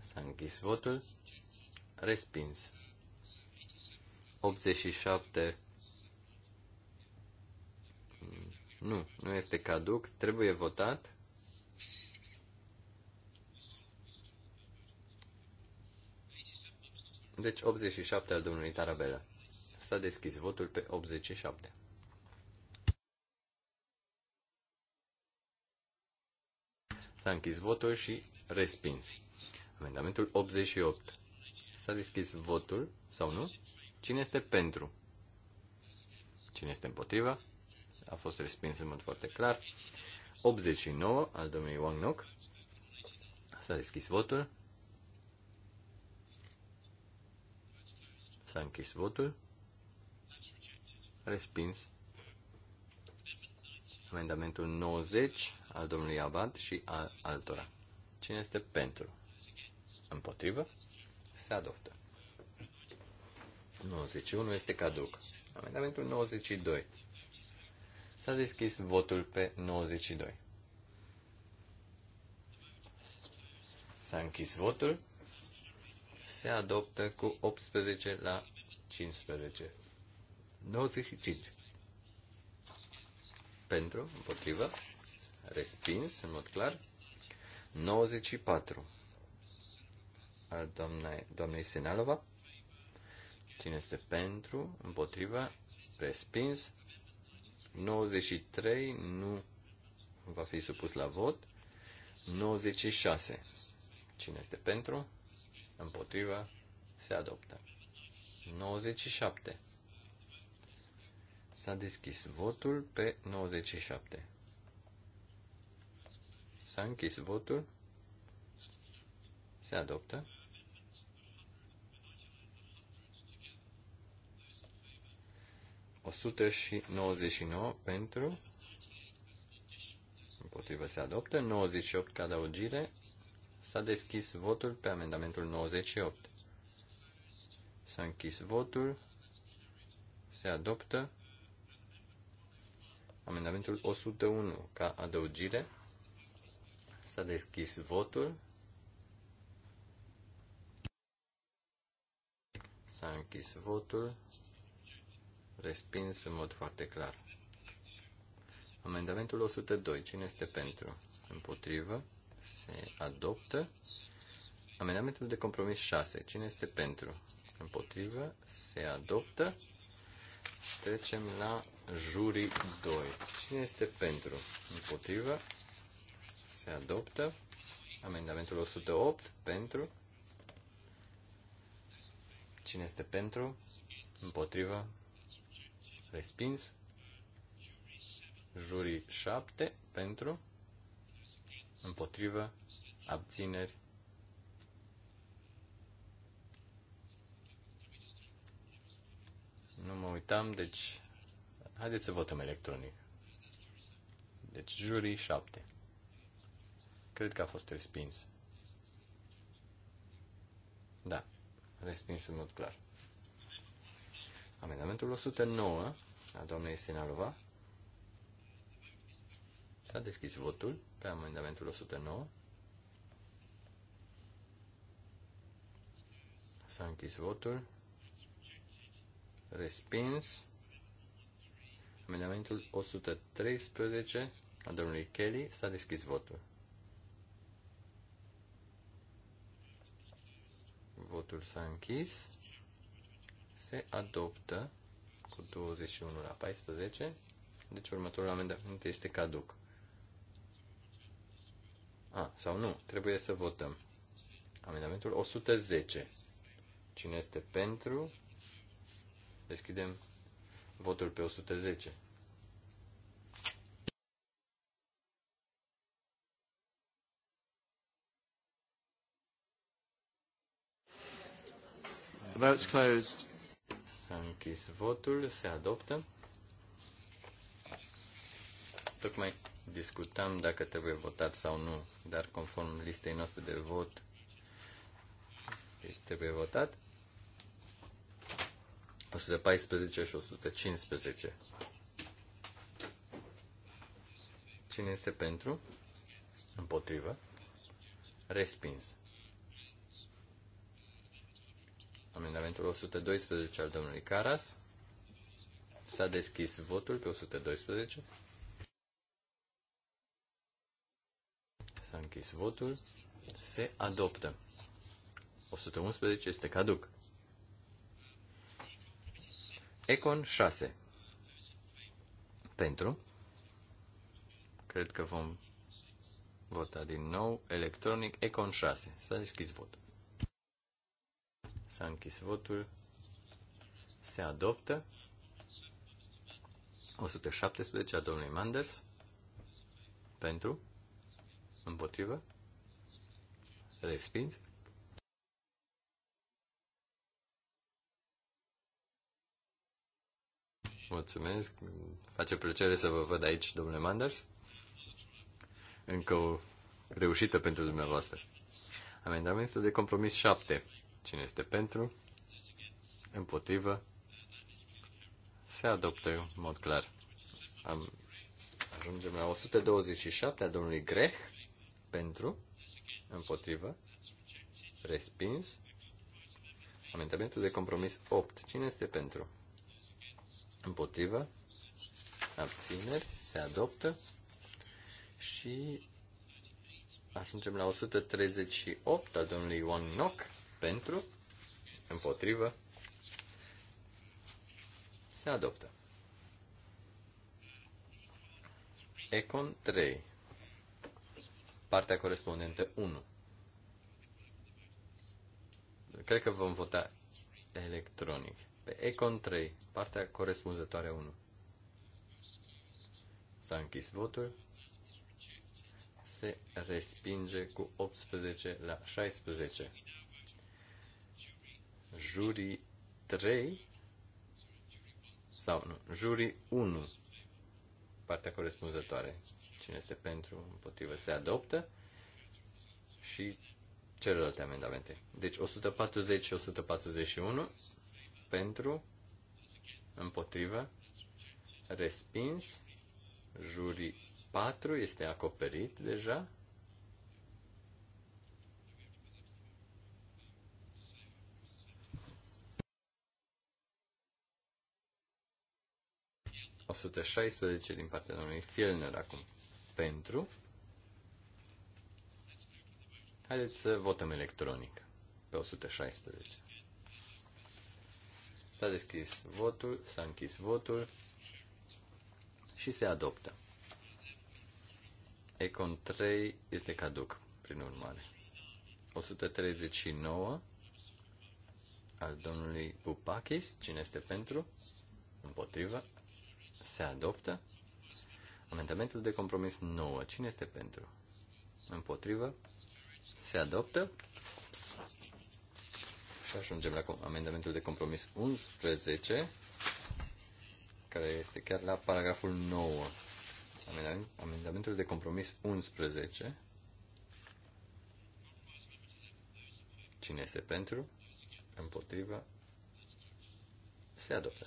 S-a închis votul. Respins. 87. Nu, nu este caduc. Trebuie votat. Deci 87 al domnului Tarabella. S-a deschis votul pe 87. S-a închis votul și respins. Amendamentul 88. S-a deschis votul sau nu? Cine este pentru? Cine este împotriva? A fost respins în mod foarte clar. 89 al domnului Wang Nok. S-a deschis votul. S-a închis votul. Respins. Amendamentul 90 al domnului Abad și al altora. Cine este pentru? Împotrivă? Se adoptă. 91 este caduc. Amendamentul 92. S-a deschis votul pe 92. S-a închis votul se adoptă cu 18 la 15. 95. Pentru, împotrivă, respins, în mod clar. 94. Al doamnei, doamnei Senalova. Cine este pentru, împotrivă, respins. 93 nu va fi supus la vot. 96. Cine este pentru? Împotriva. Se adoptă. 97. S-a deschis votul pe 97. S-a închis votul. Se adoptă. O sută și nouăzeci nouă pentru împotrivă se adoptă, 98 ca adăugire, S-a deschis votul pe amendamentul 98. S-a închis votul. Se adoptă amendamentul 101 ca adăugire. S-a deschis votul. S-a închis votul. Respins în mod foarte clar. Amendamentul 102. Cine este pentru? Împotrivă? se adoptă. Amendamentul de compromis 6. Cine este pentru? Împotrivă, se adoptă. Trecem la jurii 2. Cine este pentru? Împotrivă, se adoptă. Amendamentul 108, pentru. Cine este pentru? Împotrivă, respins. Jurii 7, pentru împotrivă, abțineri. Nu mă uitam, deci haideți să votăm electronic. Deci jurii 7. Cred că a fost respins. Da, respins în mod clar. Amendamentul 109 a doamnei Senalova. S-a deschis votul pe amendamentul 109. S-a închis votul. Respins. Amendamentul 113 a domnului Kelly s-a deschis votul. Votul s-a închis. Se adoptă cu 21 la 14. Deci următorul amendament este caduc. A, sau nu, trebuie să votăm. Amendamentul 110. Cine este pentru? Deschidem votul pe 110. Vote's closed. S-a închis votul, se adoptă. Tocmai discutam dacă trebuie votat sau nu, dar conform listei noastre de vot trebuie votat. 114 și 115. Cine este pentru? Împotrivă. Respins. Amendamentul 112 al domnului Caras. S-a deschis votul pe 112. închis votul. Se adoptă. 111 este caduc. Econ 6. Pentru. Cred că vom vota din nou electronic Econ 6. S-a deschis votul. S-a închis votul. Se adoptă. 117 a domnului Manders. Pentru. Împotrivă? Respins? Mulțumesc. Face plăcere să vă văd aici, domnule Manders. Încă o reușită pentru dumneavoastră. Amendamentul de compromis 7. Cine este pentru? Împotrivă? Se adoptă în mod clar. Am... Ajungem la 127 a domnului Greh. Pentru. Împotrivă. Respins. Amendamentul de compromis 8. Cine este pentru? Împotrivă. Abțineri. Se adoptă. Și ajungem la 138 al domnului Ioan Noc. Pentru. Împotrivă. Se adoptă. Econ 3 partea corespondentă 1. Cred că vom vota electronic. Pe Econ 3, partea corespunzătoare 1. S-a închis votul. Se respinge cu 18 la 16. Jurii 3 sau nu, jurii 1, partea corespunzătoare. Cine este pentru? Împotrivă. Se adoptă. Și celelalte amendamente. Deci 140 și 141 pentru, împotrivă, respins, juri 4 este acoperit deja. ...116 din partea domnului Fielner acum pentru? Haideți să votăm electronic pe 116. S-a deschis votul, s-a închis votul și se adoptă. Econ 3 este caduc, prin urmare. 139 al domnului Pupakis, cine este pentru, împotrivă, se adoptă. Amendamentul de compromis 9. Cine este pentru? Împotrivă? Se adoptă? Și ajungem la amendamentul de compromis 11, care este chiar la paragraful 9. Amendamentul de compromis 11. Cine este pentru? Împotrivă? Se adoptă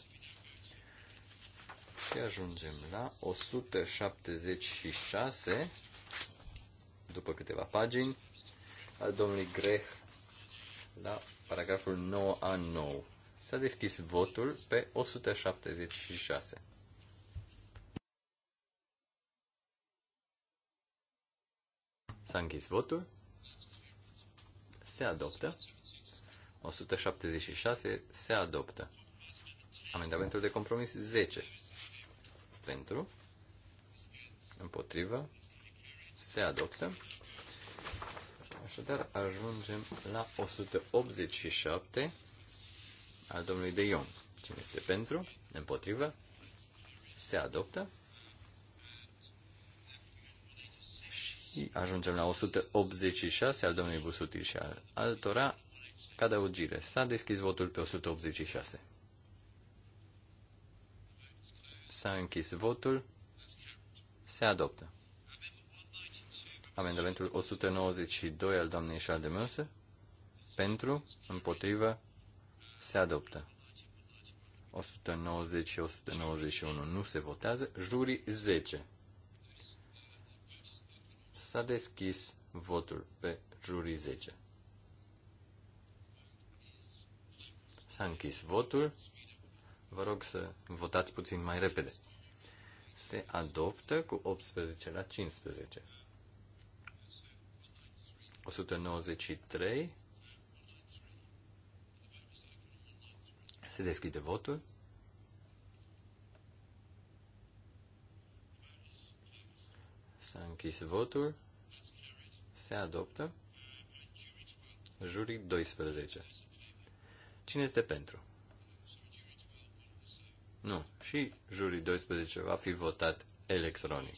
și ajungem la 176, după câteva pagini, al domnului Greh la paragraful 9A9. S-a deschis votul pe 176. S-a închis votul. Se adoptă. 176 se adoptă. Amendamentul de compromis 10 pentru, împotrivă, se adoptă. Așadar, ajungem la 187 al domnului De Ion. Cine este pentru, împotrivă, se adoptă. Și ajungem la 186 al domnului Busutil și al altora, ca adăugire. S-a deschis votul pe 186. S-a închis votul. Se adoptă. Amendamentul 192 al doamnei Șaldemose. Pentru, împotrivă, se adoptă. 190 și 191 nu se votează. Jurii 10. S-a deschis votul pe jurii 10. S-a închis votul. Vă rog să votați puțin mai repede. Se adoptă cu 18 la 15. 193. Se deschide votul. S-a închis votul. Se adoptă. Jurii 12. Cine este pentru? Nu. Și jurii 12 va fi votat electronic.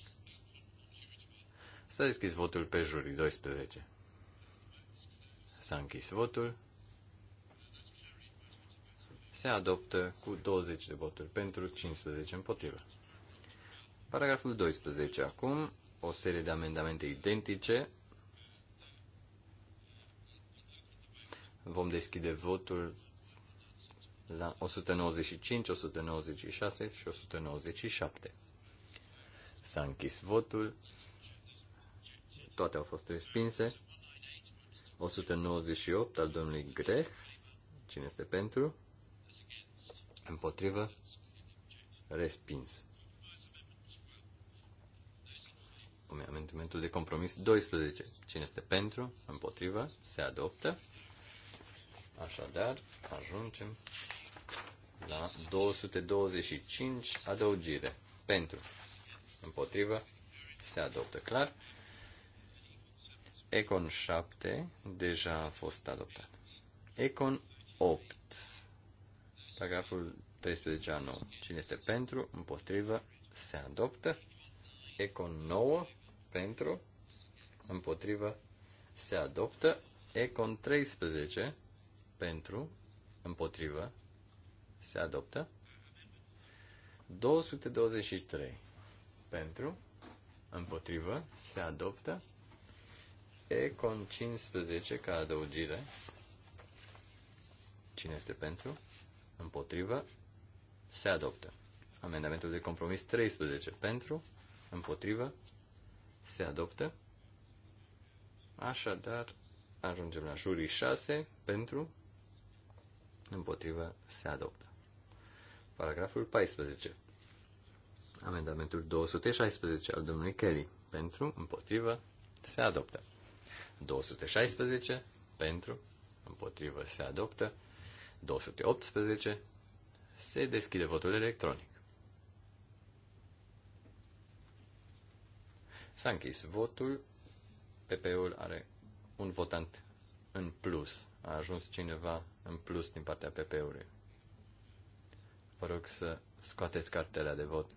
S-a deschis votul pe jurii 12. S-a închis votul. Se adoptă cu 20 de voturi pentru 15 împotrivă. Paragraful 12. Acum o serie de amendamente identice. Vom deschide votul la 195, 196 și 197. S-a închis votul. Toate au fost respinse. 198 al domnului Greh. Cine este pentru? Împotrivă? Respins. Amendamentul de compromis 12. Cine este pentru? Împotrivă? Se adoptă. Așadar, ajungem la 225 adăugire. Pentru. Împotrivă. Se adoptă clar. Econ 7 deja a fost adoptat. Econ 8. Paragraful 13 a 9. Cine este pentru, împotrivă, se adoptă. Econ 9 pentru, împotrivă, se adoptă. Econ 13 pentru, împotrivă, se adoptă. 223 pentru, împotrivă, se adoptă. Econ 15 ca adăugire. Cine este pentru? Împotrivă, se adoptă. Amendamentul de compromis 13 pentru, împotrivă, se adoptă. Așadar, ajungem la jurii 6 pentru, împotrivă, se adoptă. Paragraful 14. Amendamentul 216 al domnului Kelly. Pentru, împotrivă, se adoptă. 216 pentru, împotrivă, se adoptă. 218 se deschide votul electronic. S-a închis votul. PP-ul are un votant în plus. A ajuns cineva în plus din partea PP-ului. Vă rog să scoateți cartela de vot.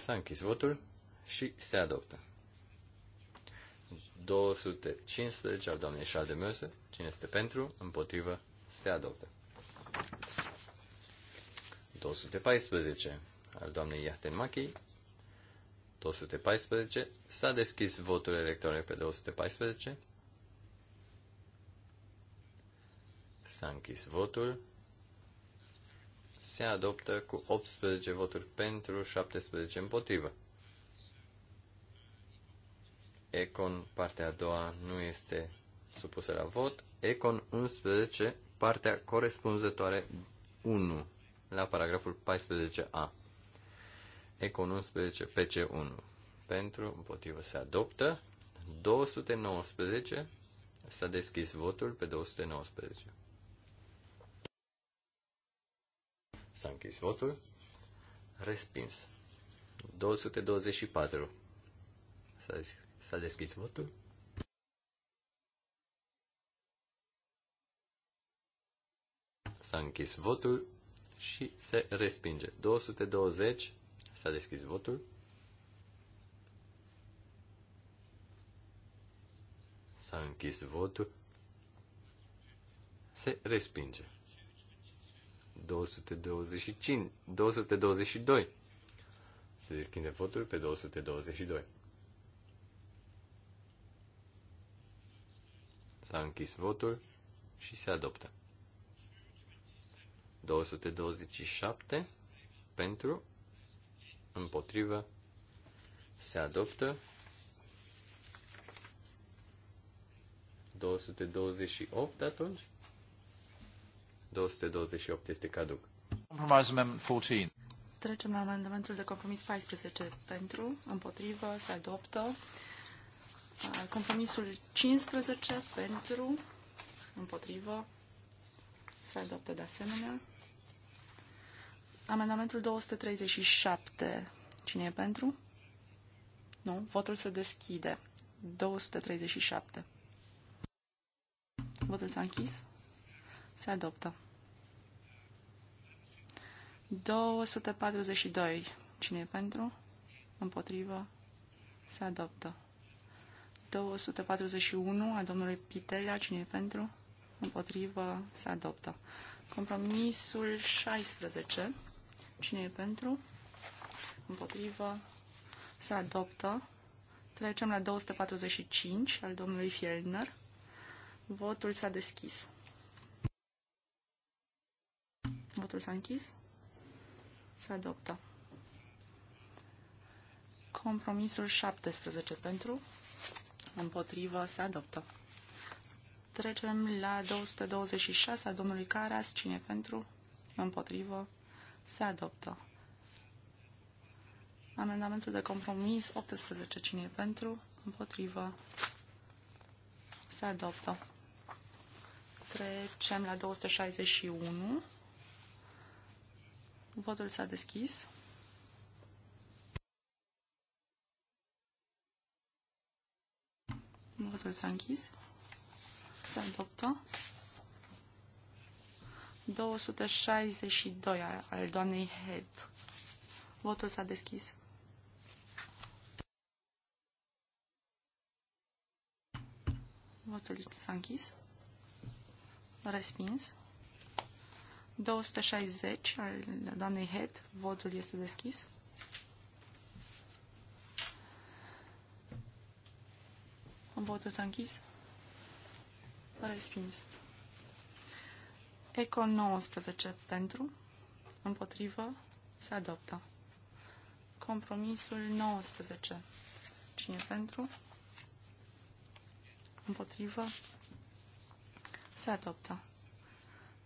S-a închis votul și se adoptă. 215 al doamnei Șaldemöse, cine este pentru, împotrivă, se adoptă. 214 al doamnei Machi, 214, s-a deschis votul electronic pe 214, S-a închis votul. Se adoptă cu 18 voturi pentru, 17 împotrivă. Econ, partea a doua, nu este supusă la vot. Econ 11, partea corespunzătoare 1, la paragraful 14a. Econ 11, PC1. Pentru, împotrivă, se adoptă. 219, s-a deschis votul pe 219. S-a închis votul. Respins. 224. S-a deschis, s-a deschis votul. S-a închis votul și se respinge. 220. S-a deschis votul. S-a închis votul. Se respinge. 225, 222. Se deschide votul pe 222. S-a închis votul și se adoptă. 227 pentru, împotrivă, se adoptă. 228 atunci. 228 este caduc. Trecem la amendamentul de compromis 14 pentru, împotrivă, se adoptă. Compromisul 15 pentru, împotrivă, se adoptă de asemenea. Amendamentul 237, cine e pentru? Nu, votul se deschide. 237. Votul s-a închis. Se adoptă. 242. Cine e pentru? Împotrivă? Se adoptă. 241 a domnului Pitelea. Cine e pentru? Împotrivă? Se adoptă. Compromisul 16. Cine e pentru? Împotrivă? Se adoptă. Trecem la 245 al domnului Fielner. Votul s-a deschis. Votul s-a închis. Se adoptă. Compromisul 17 pentru. Împotrivă. Se adoptă. Trecem la 226 a domnului Caras. Cine pentru? Împotrivă. Se adoptă. Amendamentul de compromis 18. Cine e pentru? Împotrivă. Se adoptă. Trecem la 261. Votul s-a deschis. Votul s-a închis. Se adoptă. 262 al doamnei Head. Votul s-a deschis. Votul s-a închis. Respins. 260 al doamnei Head. Votul este deschis. Votul s-a închis. Respins. Eco 19 pentru, împotrivă, se adoptă. Compromisul 19. Cine pentru? Împotrivă, se adoptă.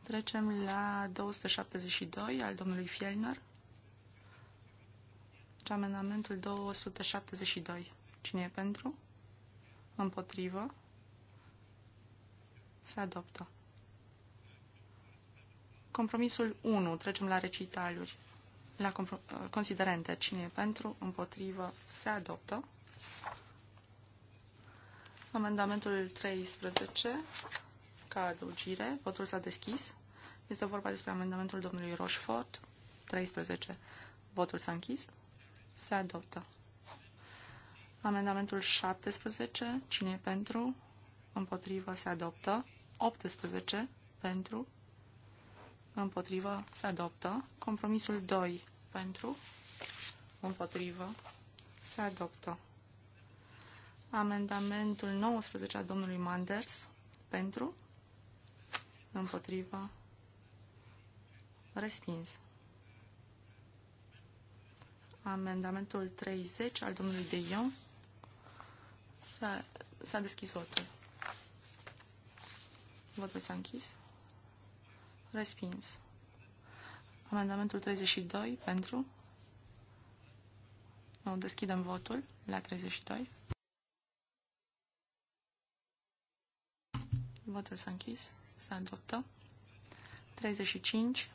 Trecem la 272 al domnului Fielner. Deci amendamentul 272. Cine e pentru? Împotrivă? Se adoptă. Compromisul 1. Trecem la recitaluri. La uh, considerente. Cine e pentru? Împotrivă? Se adoptă. Amendamentul 13 ca adăugire. Votul s-a deschis. Este vorba despre amendamentul domnului Rochefort, 13. Votul s-a închis. Se adoptă. Amendamentul 17. Cine e pentru? Împotrivă. Se adoptă. 18. Pentru. Împotrivă. Se adoptă. Compromisul 2. Pentru. Împotrivă. Se adoptă. Amendamentul 19 a domnului Manders. Pentru împotrivă, respins. Amendamentul 30 al domnului De Ion s-a deschis votul. Votul s-a închis. Respins. Amendamentul 32 pentru. Nu, deschidem votul la 32. Votul s-a închis se adoptă. 35.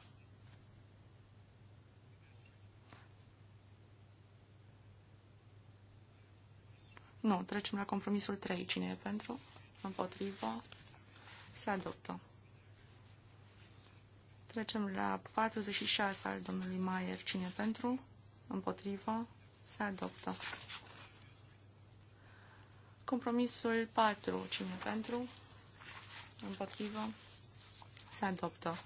Nu, trecem la compromisul 3. Cine e pentru? Împotrivă. Se adoptă. Trecem la 46 al domnului Maier. Cine pentru? Împotrivă. Se adoptă. Compromisul 4. Cine pentru? Împotrivă. Se adoptă.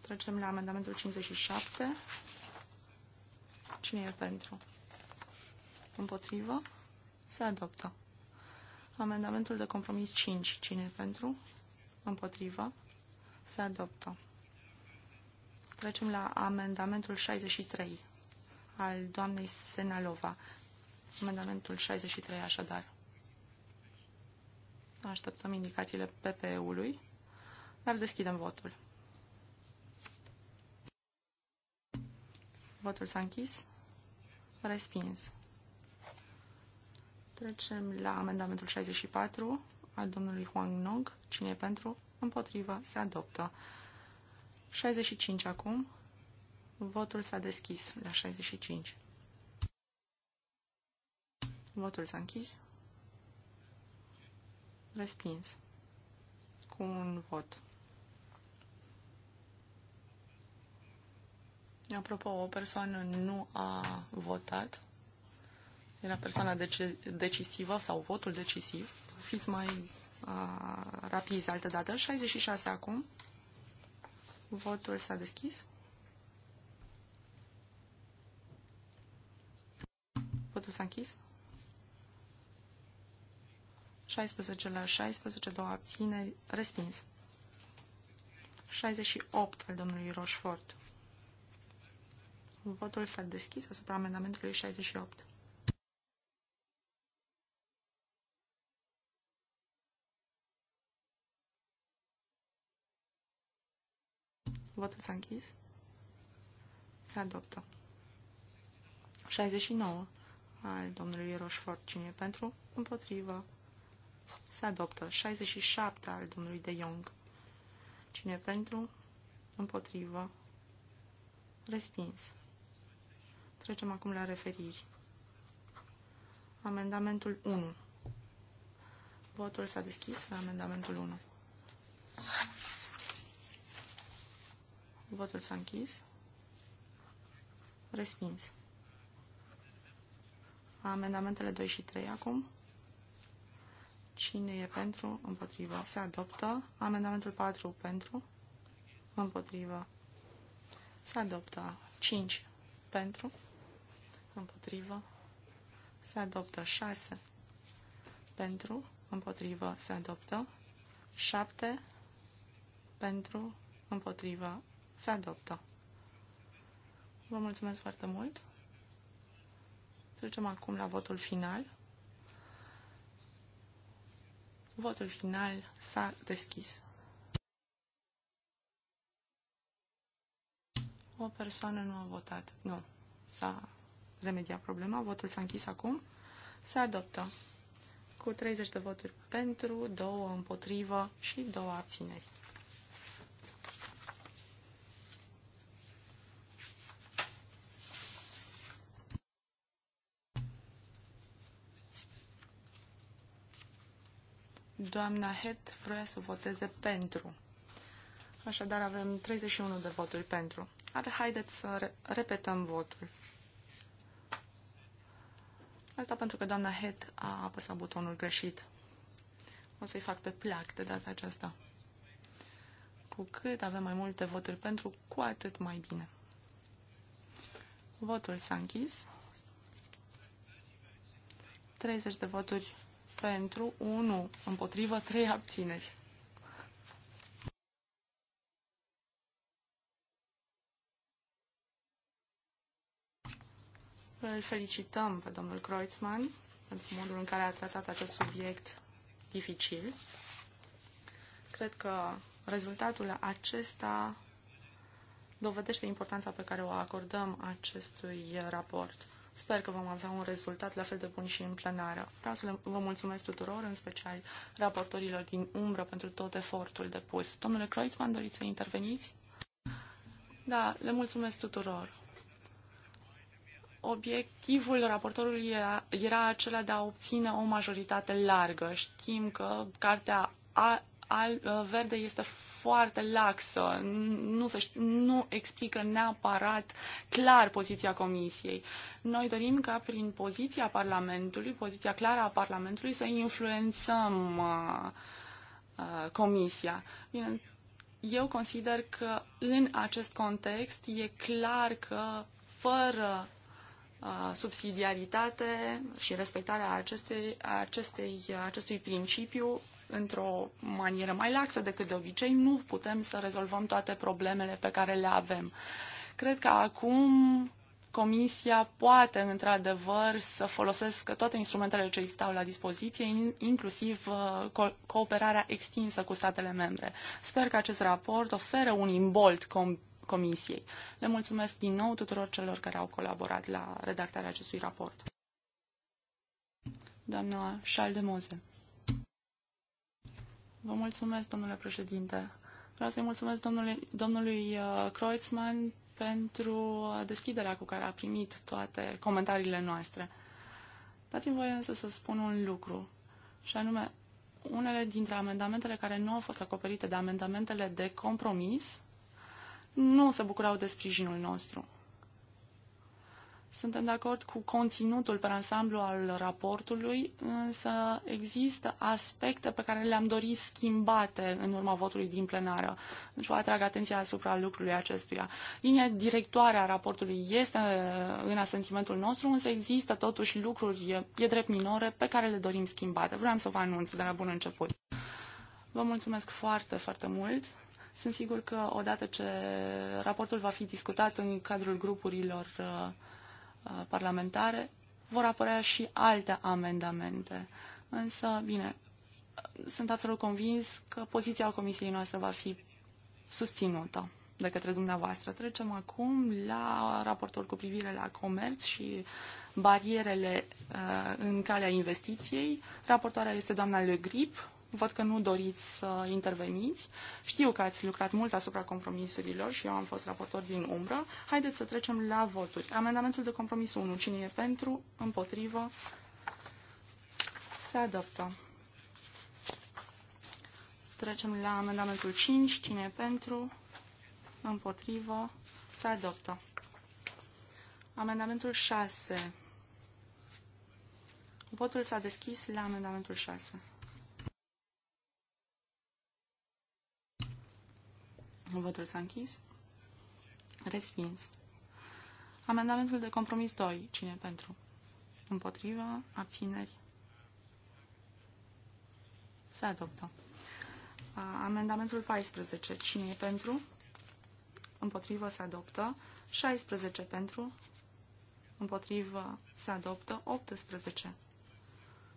Trecem la amendamentul 57. Cine e pentru? Împotrivă. Se adoptă. Amendamentul de compromis 5. Cine e pentru? Împotrivă. Se adoptă. Trecem la amendamentul 63 al doamnei Senalova. Amendamentul 63, așadar. Așteptăm indicațiile PPE-ului, dar deschidem votul. Votul s-a închis. Respins. Trecem la amendamentul 64 al domnului Huang Nong. Cine e pentru? Împotrivă. Se adoptă. 65 acum. Votul s-a deschis la 65. Votul s-a închis. Respins. Cu un vot. Apropo, o persoană nu a votat. Era persoana deci- decisivă sau votul decisiv. Fiți mai uh, rapizi altă dată. 66 acum. Votul s-a deschis. Votul s-a închis. 16 la 16, două abțineri, respins. 68 al domnului Rochefort. Votul s-a deschis asupra amendamentului 68. Votul s-a închis. Se adoptă. 69 al domnului Rochefort. Cine e pentru? Împotrivă se adoptă. 67 al domnului de Jong. Cine pentru? Împotrivă. Respins. Trecem acum la referiri. Amendamentul 1. Votul s-a deschis la amendamentul 1. Votul s-a închis. Respins. Amendamentele 2 și 3 acum. Cine e pentru? Împotrivă. Se adoptă. Amendamentul 4 pentru. Împotrivă. Se adoptă. 5 pentru. Împotrivă. Se adoptă. 6 pentru. Împotrivă. Se adoptă. 7 pentru. Împotrivă. Se adoptă. Vă mulțumesc foarte mult. Trecem acum la votul final. Votul final s-a deschis. O persoană nu a votat. Nu. S-a remediat problema. Votul s-a închis acum. Se adoptă cu 30 de voturi pentru, 2 împotrivă și 2 abțineri. Doamna Het vrea să voteze pentru. Așadar avem 31 de voturi pentru. Ar haideți să re repetăm votul. Asta pentru că doamna Het a apăsat butonul greșit. O să-i fac pe plac de data aceasta. Cu cât avem mai multe voturi pentru, cu atât mai bine. Votul s-a închis. 30 de voturi pentru, 1 împotrivă, 3 abțineri. Îl felicităm pe domnul Kreutzmann pentru modul în care a tratat acest subiect dificil. Cred că rezultatul acesta dovedește importanța pe care o acordăm acestui raport. Sper că vom avea un rezultat la fel de bun și în plenară. Vreau să vă mulțumesc tuturor, în special raportorilor din umbră, pentru tot efortul depus. Domnule Kreuzmann, doriți să interveniți? Da, le mulțumesc tuturor. Obiectivul raportorului era, era acela de a obține o majoritate largă. Știm că cartea a Uh, verde este foarte laxă, nu, se, nu explică neapărat clar poziția Comisiei. Noi dorim ca prin poziția Parlamentului, poziția clară a Parlamentului, să influențăm uh, uh, Comisia. Bine, eu consider că în acest context e clar că fără uh, subsidiaritate și respectarea acestei, acestei, acestui principiu, într-o manieră mai laxă decât de obicei, nu putem să rezolvăm toate problemele pe care le avem. Cred că acum Comisia poate, într-adevăr, să folosească toate instrumentele ce îi stau la dispoziție, inclusiv uh, cooperarea extinsă cu statele membre. Sper că acest raport oferă un imbolt com Comisiei. Le mulțumesc din nou tuturor celor care au colaborat la redactarea acestui raport. Doamna Charles de Moze. Vă mulțumesc, domnule președinte. Vreau să-i mulțumesc domnului, domnului uh, Kreutzmann pentru uh, deschiderea cu care a primit toate comentariile noastre. Dați-mi voie însă să spun un lucru, și anume, unele dintre amendamentele care nu au fost acoperite de amendamentele de compromis nu se bucurau de sprijinul nostru. Suntem de acord cu conținutul pe ansamblu al raportului, însă există aspecte pe care le-am dorit schimbate în urma votului din plenară. Deci vă atrag atenția asupra lucrului acestuia. Linia directoare a raportului este uh, în asentimentul nostru, însă există totuși lucruri, e drept minore, pe care le dorim schimbate. Vreau să vă anunț de la bun început. Vă mulțumesc foarte, foarte mult. Sunt sigur că odată ce raportul va fi discutat în cadrul grupurilor uh, Uh, parlamentare, vor apărea și alte amendamente. Însă, bine, sunt absolut convins că poziția comisiei noastre va fi susținută de către dumneavoastră. Trecem acum la raportul cu privire la comerț și barierele uh, în calea investiției. Raportoarea este doamna Le Grip. Văd că nu doriți să interveniți. Știu că ați lucrat mult asupra compromisurilor și eu am fost raportor din umbră. Haideți să trecem la voturi. Amendamentul de compromis 1. Cine e pentru? Împotrivă? Se adoptă. Trecem la amendamentul 5. Cine e pentru? Împotrivă? Se adoptă. Amendamentul 6. Votul s-a deschis la amendamentul 6. Votul s-a închis. Respins. Amendamentul de compromis 2. Cine pentru? Împotrivă. Abțineri. Se adoptă. Amendamentul 14. Cine e pentru? Împotrivă. Se adoptă. 16 pentru. Împotrivă. Se adoptă. 18.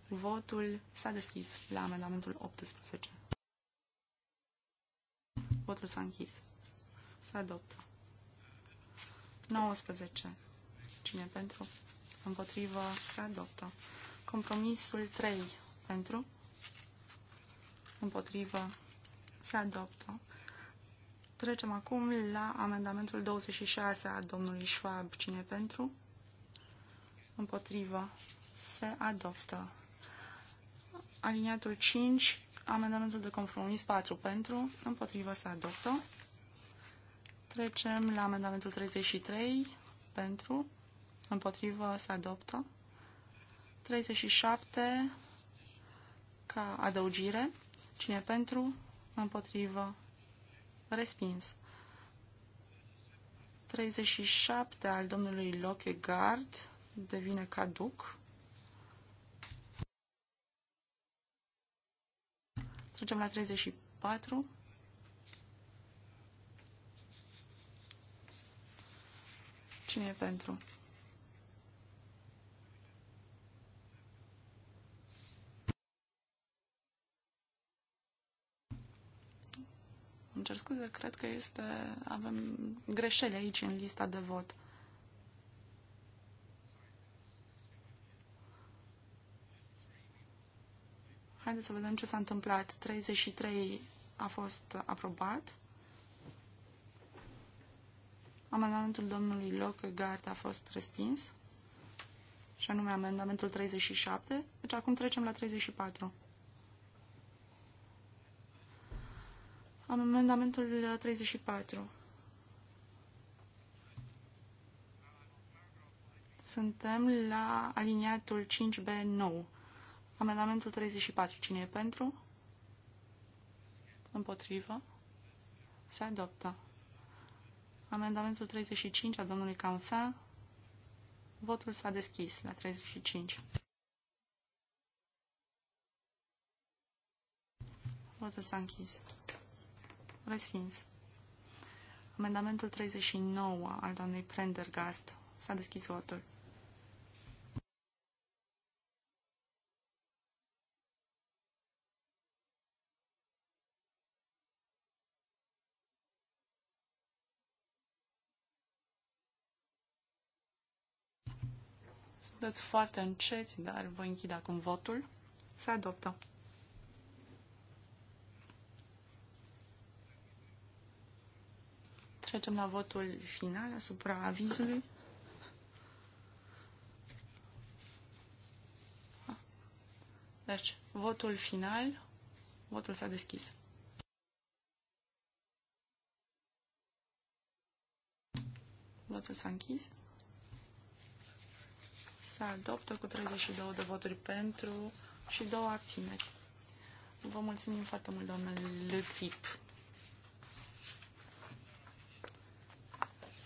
Votul s-a deschis la amendamentul 18 potul s-a închis. Se adoptă. 19. Cine pentru? Împotrivă. Se adoptă. Compromisul 3. Pentru? Împotrivă. Se adoptă. Trecem acum la amendamentul 26 a domnului Schwab. Cine pentru? Împotrivă. Se adoptă. Aliniatul 5 Amendamentul de compromis 4 pentru, împotrivă se adoptă. Trecem la amendamentul 33 pentru, împotrivă se adoptă. 37 ca adăugire, cine pentru, împotrivă, respins. 37 al domnului Lochegard devine caduc. Trecem la 34. Cine e pentru? Îmi cer scuze, cred că este, avem greșeli aici în lista de vot. Haideți să vedem ce s-a întâmplat. 33 a fost aprobat. Amendamentul domnului Lockegaard a fost respins, și anume amendamentul 37. Deci acum trecem la 34. Amendamentul 34. Suntem la aliniatul 5B9. Amendamentul 34. Cine e pentru? Împotrivă. Se adoptă. Amendamentul 35 a domnului Canfea. Votul s-a deschis la 35. Votul s-a închis. Respins. Amendamentul 39 al doamnei Prendergast. S-a deschis votul. sunteți foarte înceți, dar vă închid acum votul. Se adoptă. Trecem la votul final asupra avizului. Deci, votul final, votul s-a deschis. Votul s-a închis se adoptă cu 32 de voturi pentru și două abțineri. Vă mulțumim foarte mult, doamnă Le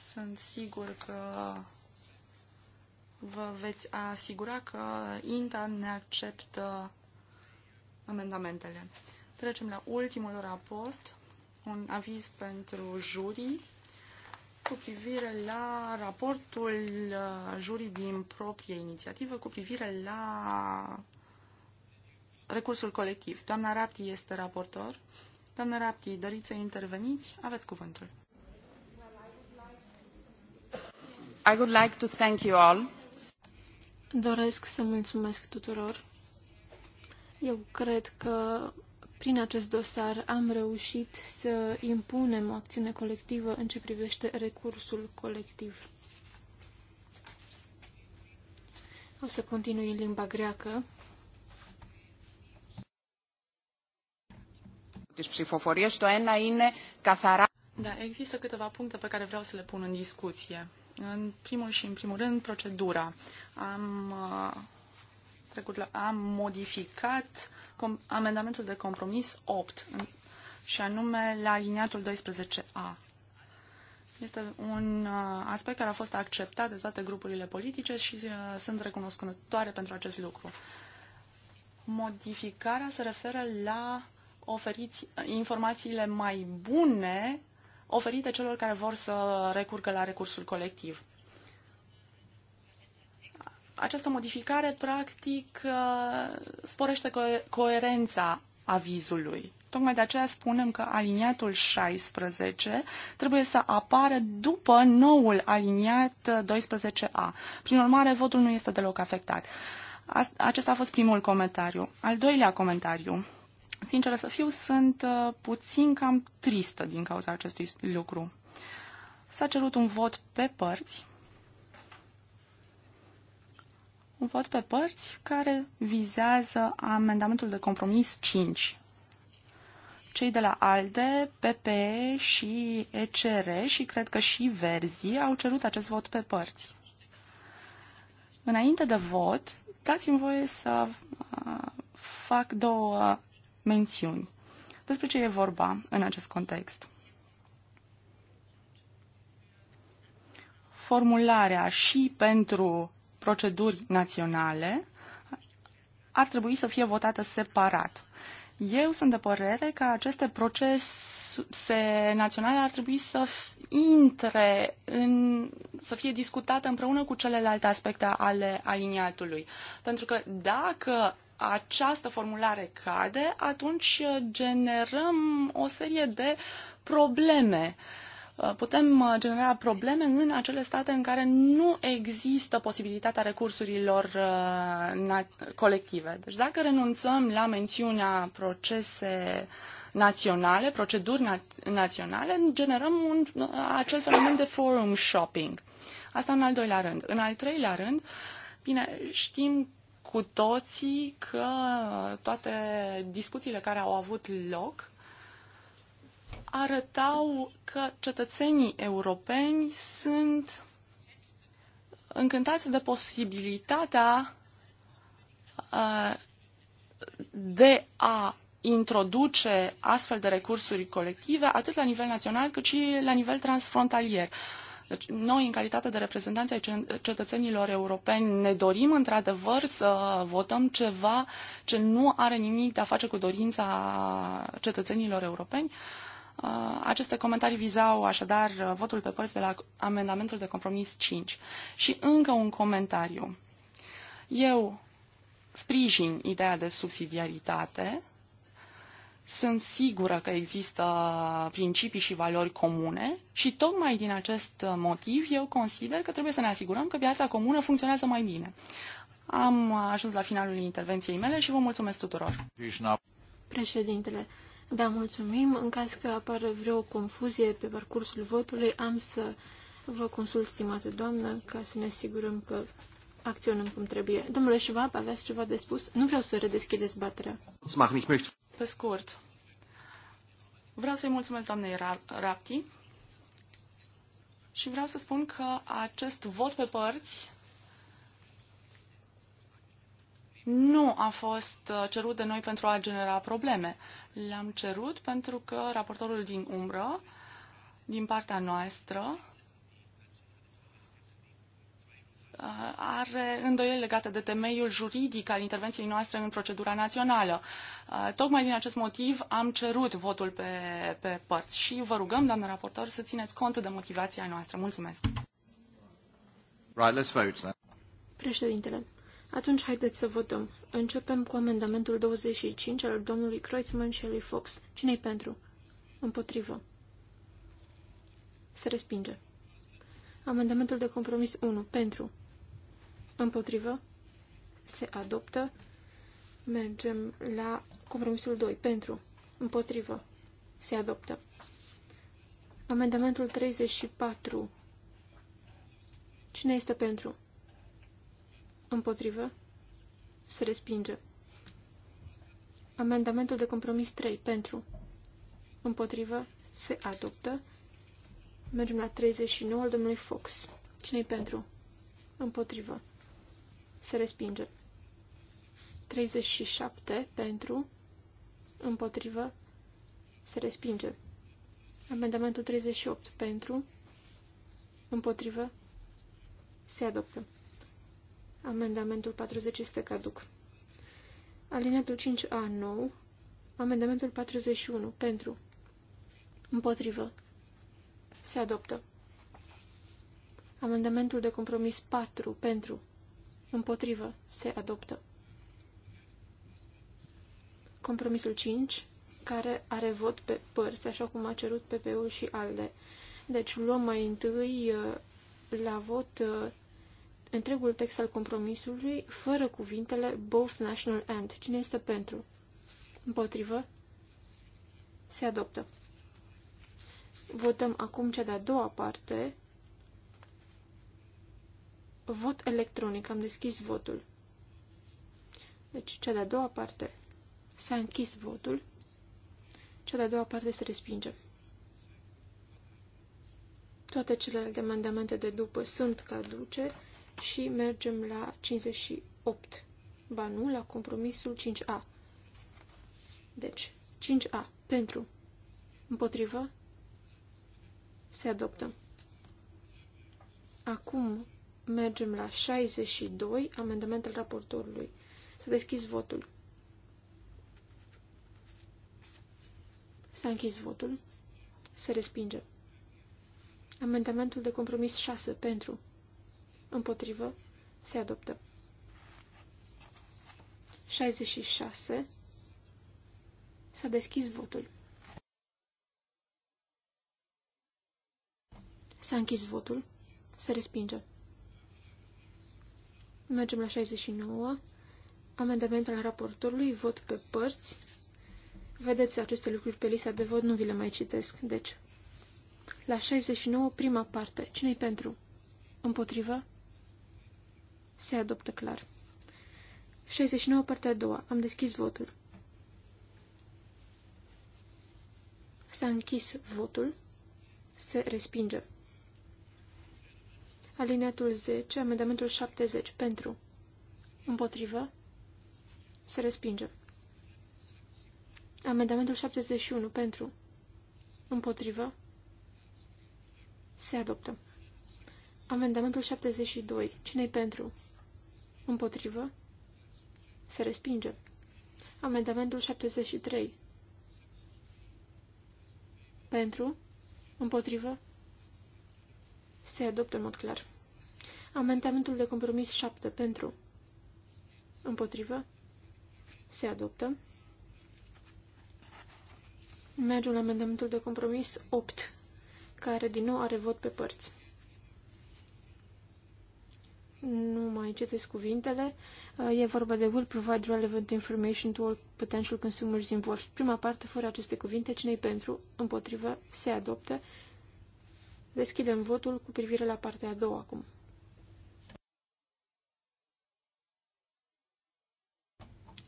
Sunt sigur că vă veți asigura că INTA ne acceptă amendamentele. Trecem la ultimul raport, un aviz pentru jurii cu privire la raportul uh, jurii din proprie inițiativă cu privire la recursul colectiv. Doamna Rapti este raportor. Doamna Rapti, doriți să interveniți? Aveți cuvântul. I would like to thank you all. Doresc să mulțumesc tuturor. Eu cred că prin acest dosar am reușit să impunem o acțiune colectivă în ce privește recursul colectiv. O să continui în limba greacă. Deci da, există câteva puncte pe care vreau să le pun în discuție. În primul și în primul rând, procedura. Am, uh, am modificat amendamentul de compromis 8, și anume la aliniatul 12A. Este un uh, aspect care a fost acceptat de toate grupurile politice și uh, sunt recunoscătoare pentru acest lucru. Modificarea se referă la oferiți uh, informațiile mai bune oferite celor care vor să recurgă la recursul colectiv. Această modificare, practic, uh, sporește co coerența avizului. Tocmai de aceea spunem că aliniatul 16 trebuie să apară după noul aliniat 12A. Prin urmare, votul nu este deloc afectat. Acesta a fost primul comentariu. Al doilea comentariu. Sinceră să fiu, sunt uh, puțin cam tristă din cauza acestui lucru. S-a cerut un vot pe părți un vot pe părți care vizează amendamentul de compromis 5. Cei de la ALDE, PPE și ECR și cred că și Verzii au cerut acest vot pe părți. Înainte de vot, dați-mi voie să uh, fac două mențiuni. Despre ce e vorba în acest context? Formularea și pentru proceduri naționale ar trebui să fie votată separat. Eu sunt de părere că aceste procese naționale ar trebui să intre în, să fie discutate împreună cu celelalte aspecte ale aliniatului. Pentru că dacă această formulare cade, atunci generăm o serie de probleme. Uh, Uh, putem uh, genera probleme în acele state în care nu există posibilitatea recursurilor uh, colective. Deci dacă renunțăm la mențiunea procese naționale, proceduri naționale, generăm un, acel fenomen de forum shopping. Asta în al doilea rând. În al treilea rând, bine, știm cu toții că toate discuțiile care au avut loc arătau că cetățenii europeni sunt încântați de posibilitatea de a introduce astfel de recursuri colective atât la nivel național cât și la nivel transfrontalier. Deci noi, în calitate de reprezentanți ai cetățenilor europeni, ne dorim într-adevăr să votăm ceva ce nu are nimic de a face cu dorința cetățenilor europeni. Uh, Uh, aceste comentarii vizau așadar uh, votul pe părți de la amendamentul de compromis 5. Și încă un comentariu. Eu sprijin ideea de subsidiaritate. Sunt sigură că există principii și valori comune și tocmai din acest motiv eu consider că trebuie să ne asigurăm că viața comună funcționează mai bine. Am ajuns la finalul intervenției mele și vă mulțumesc tuturor. Președintele, da, mulțumim. În caz că apare vreo confuzie pe parcursul votului, am să vă consult, stimată doamnă, ca să ne asigurăm că acționăm cum trebuie. Domnule Schwab, aveați ceva de spus? Nu vreau să redeschid dezbaterea. Pe scurt, vreau să-i mulțumesc doamnei Rapti și vreau să spun că acest vot pe părți nu a fost uh, cerut de noi pentru a genera probleme. Le-am cerut pentru că raportorul din umbră, din partea noastră, uh, are îndoieli legate de temeiul juridic al intervenției noastre în procedura națională. Uh, tocmai din acest motiv am cerut votul pe, pe părți și vă rugăm, doamnă raportor, să țineți cont de motivația noastră. Mulțumesc! Right, let's vote then. Președintele, atunci haideți să votăm. Începem cu amendamentul 25 al domnului Kreutzmann și lui Fox. Cine-i pentru? Împotrivă. Se respinge. Amendamentul de compromis 1. Pentru. Împotrivă. Se adoptă. Mergem la compromisul 2. Pentru. Împotrivă. Se adoptă. Amendamentul 34. Cine este pentru? Împotrivă. Se respinge. Amendamentul de compromis 3. Pentru. Împotrivă. Se adoptă. Mergem la 39 al domnului Fox. Cine-i pentru? Împotrivă. Se respinge. 37 pentru. Împotrivă. Se respinge. Amendamentul 38 pentru. Împotrivă. Se adoptă. Amendamentul 40 este caduc. Alineatul 5A, 9 Amendamentul 41, pentru. Împotrivă. Se adoptă. Amendamentul de compromis 4, pentru. Împotrivă. Se adoptă. Compromisul 5, care are vot pe părți, așa cum a cerut PP-ul și ALDE. Deci luăm mai întâi uh, la vot uh, întregul text al compromisului, fără cuvintele both national and. Cine este pentru? Împotrivă? Se adoptă. Votăm acum cea de-a doua parte. Vot electronic. Am deschis votul. Deci, cea de-a doua parte. S-a închis votul. Cea de-a doua parte se respinge. Toate celelalte amendamente de după sunt caduce și mergem la 58. Ba nu, la compromisul 5A. Deci, 5A. Pentru. Împotrivă. Se adoptă. Acum mergem la 62, amendamentul raportorului. Să deschis votul. S-a închis votul. Se respinge. Amendamentul de compromis 6 pentru împotrivă, se adoptă. 66. S-a deschis votul. S-a închis votul. Se respinge. Mergem la 69. Amendament al raportorului, vot pe părți. Vedeți aceste lucruri pe lista de vot, nu vi le mai citesc. Deci, la 69, prima parte. Cine-i pentru? Împotrivă? Se adoptă clar. 69, partea a doua. Am deschis votul. S-a închis votul. Se respinge. Alineatul 10, amendamentul 70. Pentru. Împotrivă. Se respinge. Amendamentul 71. Pentru. Împotrivă. Se adoptă. Amendamentul 72. Cine-i pentru? Împotrivă. Se respinge. Amendamentul 73. Pentru. Împotrivă. Se adoptă în mod clar. Amendamentul de compromis 7. Pentru. Împotrivă. Se adoptă. Mergem la amendamentul de compromis 8, care din nou are vot pe părți nu mai citesc cuvintele, uh, e vorba de will provide relevant information to all potential consumers involved. Prima parte, fără aceste cuvinte, cine pentru, împotrivă, se adoptă. Deschidem votul cu privire la partea a doua acum.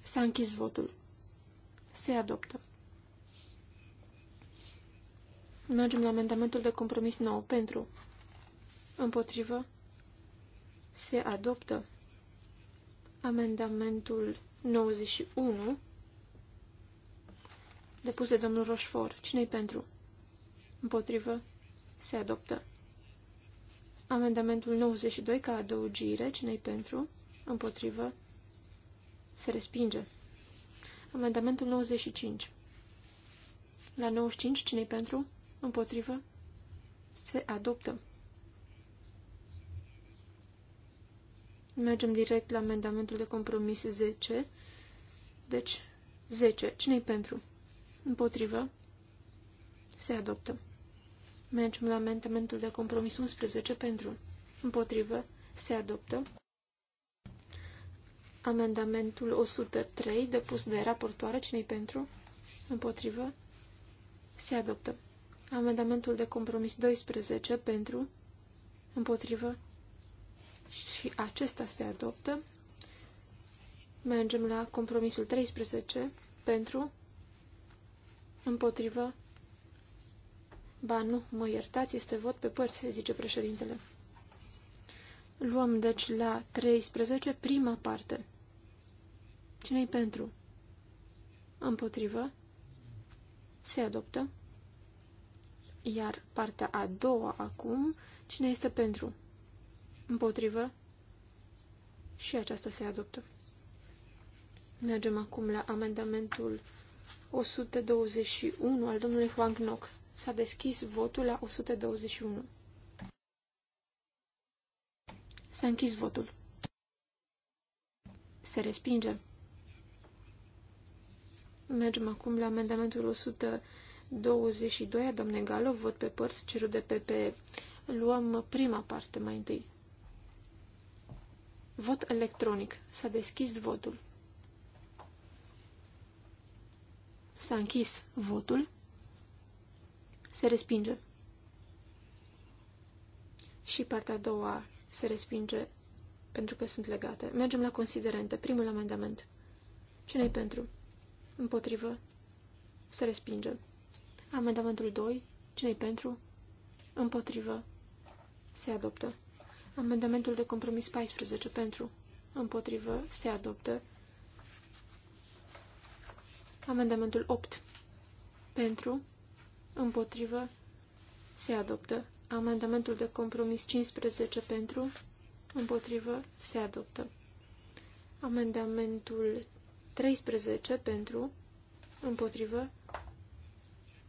S-a închis votul. Se adoptă. Mergem la amendamentul de compromis nou pentru, împotrivă, se adoptă. Amendamentul 91 depus de domnul Roșfor. Cine-i pentru? Împotrivă? Se adoptă. Amendamentul 92 ca adăugire. Cine-i pentru? Împotrivă? Se respinge. Amendamentul 95. La 95, cine-i pentru? Împotrivă? Se adoptă. Mergem direct la amendamentul de compromis 10. Deci, 10. Cine-i pentru? Împotrivă. Se adoptă. Mergem la amendamentul de compromis 11 pentru. Împotrivă. Se adoptă. Amendamentul 103 depus de raportoare. Cine-i pentru? Împotrivă. Se adoptă. Amendamentul de compromis 12 pentru. Împotrivă și acesta se adoptă. Mergem la compromisul 13 pentru împotrivă. Ba nu, mă iertați, este vot pe părți, zice președintele. Luăm deci la 13 prima parte. Cine-i pentru? Împotrivă. Se adoptă. Iar partea a doua acum, cine este pentru? Împotrivă. Și aceasta se adoptă. Mergem acum la amendamentul 121 al domnului Huang Noc. S-a deschis votul la 121. S-a închis votul. Se respinge. Mergem acum la amendamentul 122 a domnului Galo, vot pe părți cerut de PP. Luăm prima parte mai întâi. Vot electronic. S-a deschis votul. S-a închis votul. Se respinge. Și partea a doua se respinge pentru că sunt legate. Mergem la considerente. Primul amendament. Cine-i pentru? Împotrivă. Se respinge. Amendamentul 2. Cine-i pentru? Împotrivă. Se adoptă. Amendamentul de compromis 14 pentru, împotrivă, se adoptă. Amendamentul 8 pentru, împotrivă, se adoptă. Amendamentul de compromis 15 pentru, împotrivă, se adoptă. Amendamentul 13 pentru, împotrivă,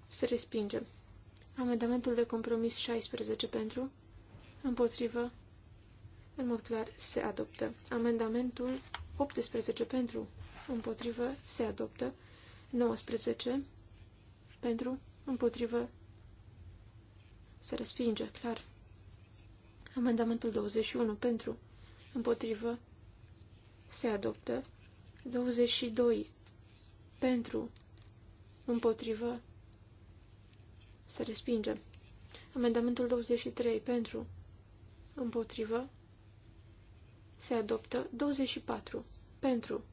se respinge. Amendamentul de compromis 16 pentru, împotrivă, în mod clar, se adoptă. Amendamentul 18 pentru, împotrivă, se adoptă. 19 pentru, împotrivă, se respinge, clar. Amendamentul 21 pentru, împotrivă, se adoptă. 22 pentru, împotrivă, se respinge. Amendamentul 23 pentru, împotrivă, se adoptă 24 pentru,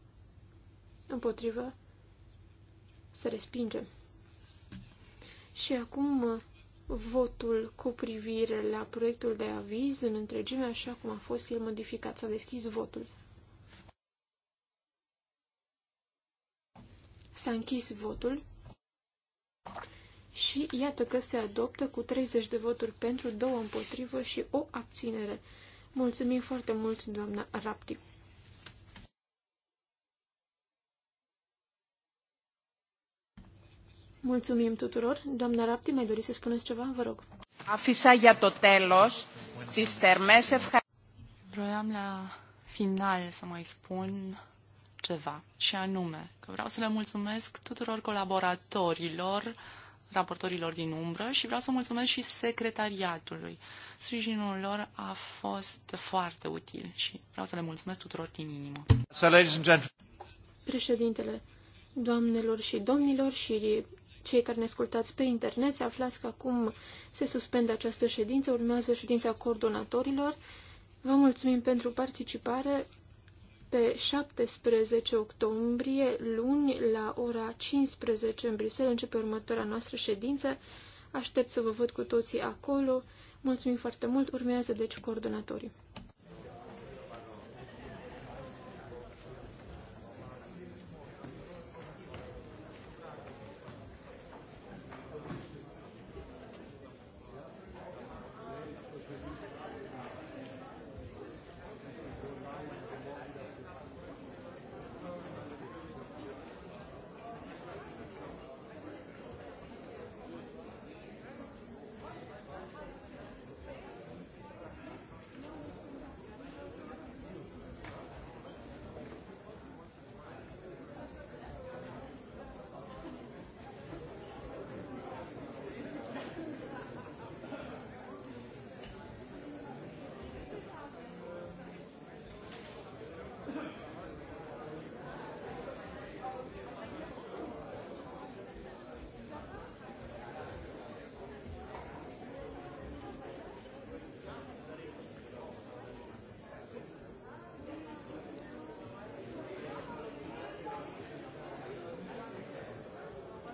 împotrivă, se respinge. Și acum votul cu privire la proiectul de aviz în întregime, așa cum a fost el modificat. S-a deschis votul. S-a închis votul și iată că se adoptă cu 30 de voturi pentru, 2 împotrivă și o abținere. Mulțumim foarte mult, doamna Rapti. Mulțumim tuturor. Doamna Rapti, mai doriți să spuneți ceva? Vă rog. Afisa ia το τέλος τις la final să mai spun ceva, și anume că vreau să le mulțumesc tuturor colaboratorilor raportorilor din umbră și vreau să mulțumesc și secretariatului. Sprijinul lor a fost foarte util și vreau să le mulțumesc tuturor din inimă. So, Președintele, doamnelor și domnilor și cei care ne ascultați pe internet, se aflați că acum se suspendă această ședință, urmează ședința coordonatorilor. Vă mulțumim pentru participare pe 17 octombrie, luni, la ora 15 în Bruxelles, începe următoarea noastră ședință. Aștept să vă văd cu toții acolo. Mulțumim foarte mult. Urmează, deci, coordonatorii.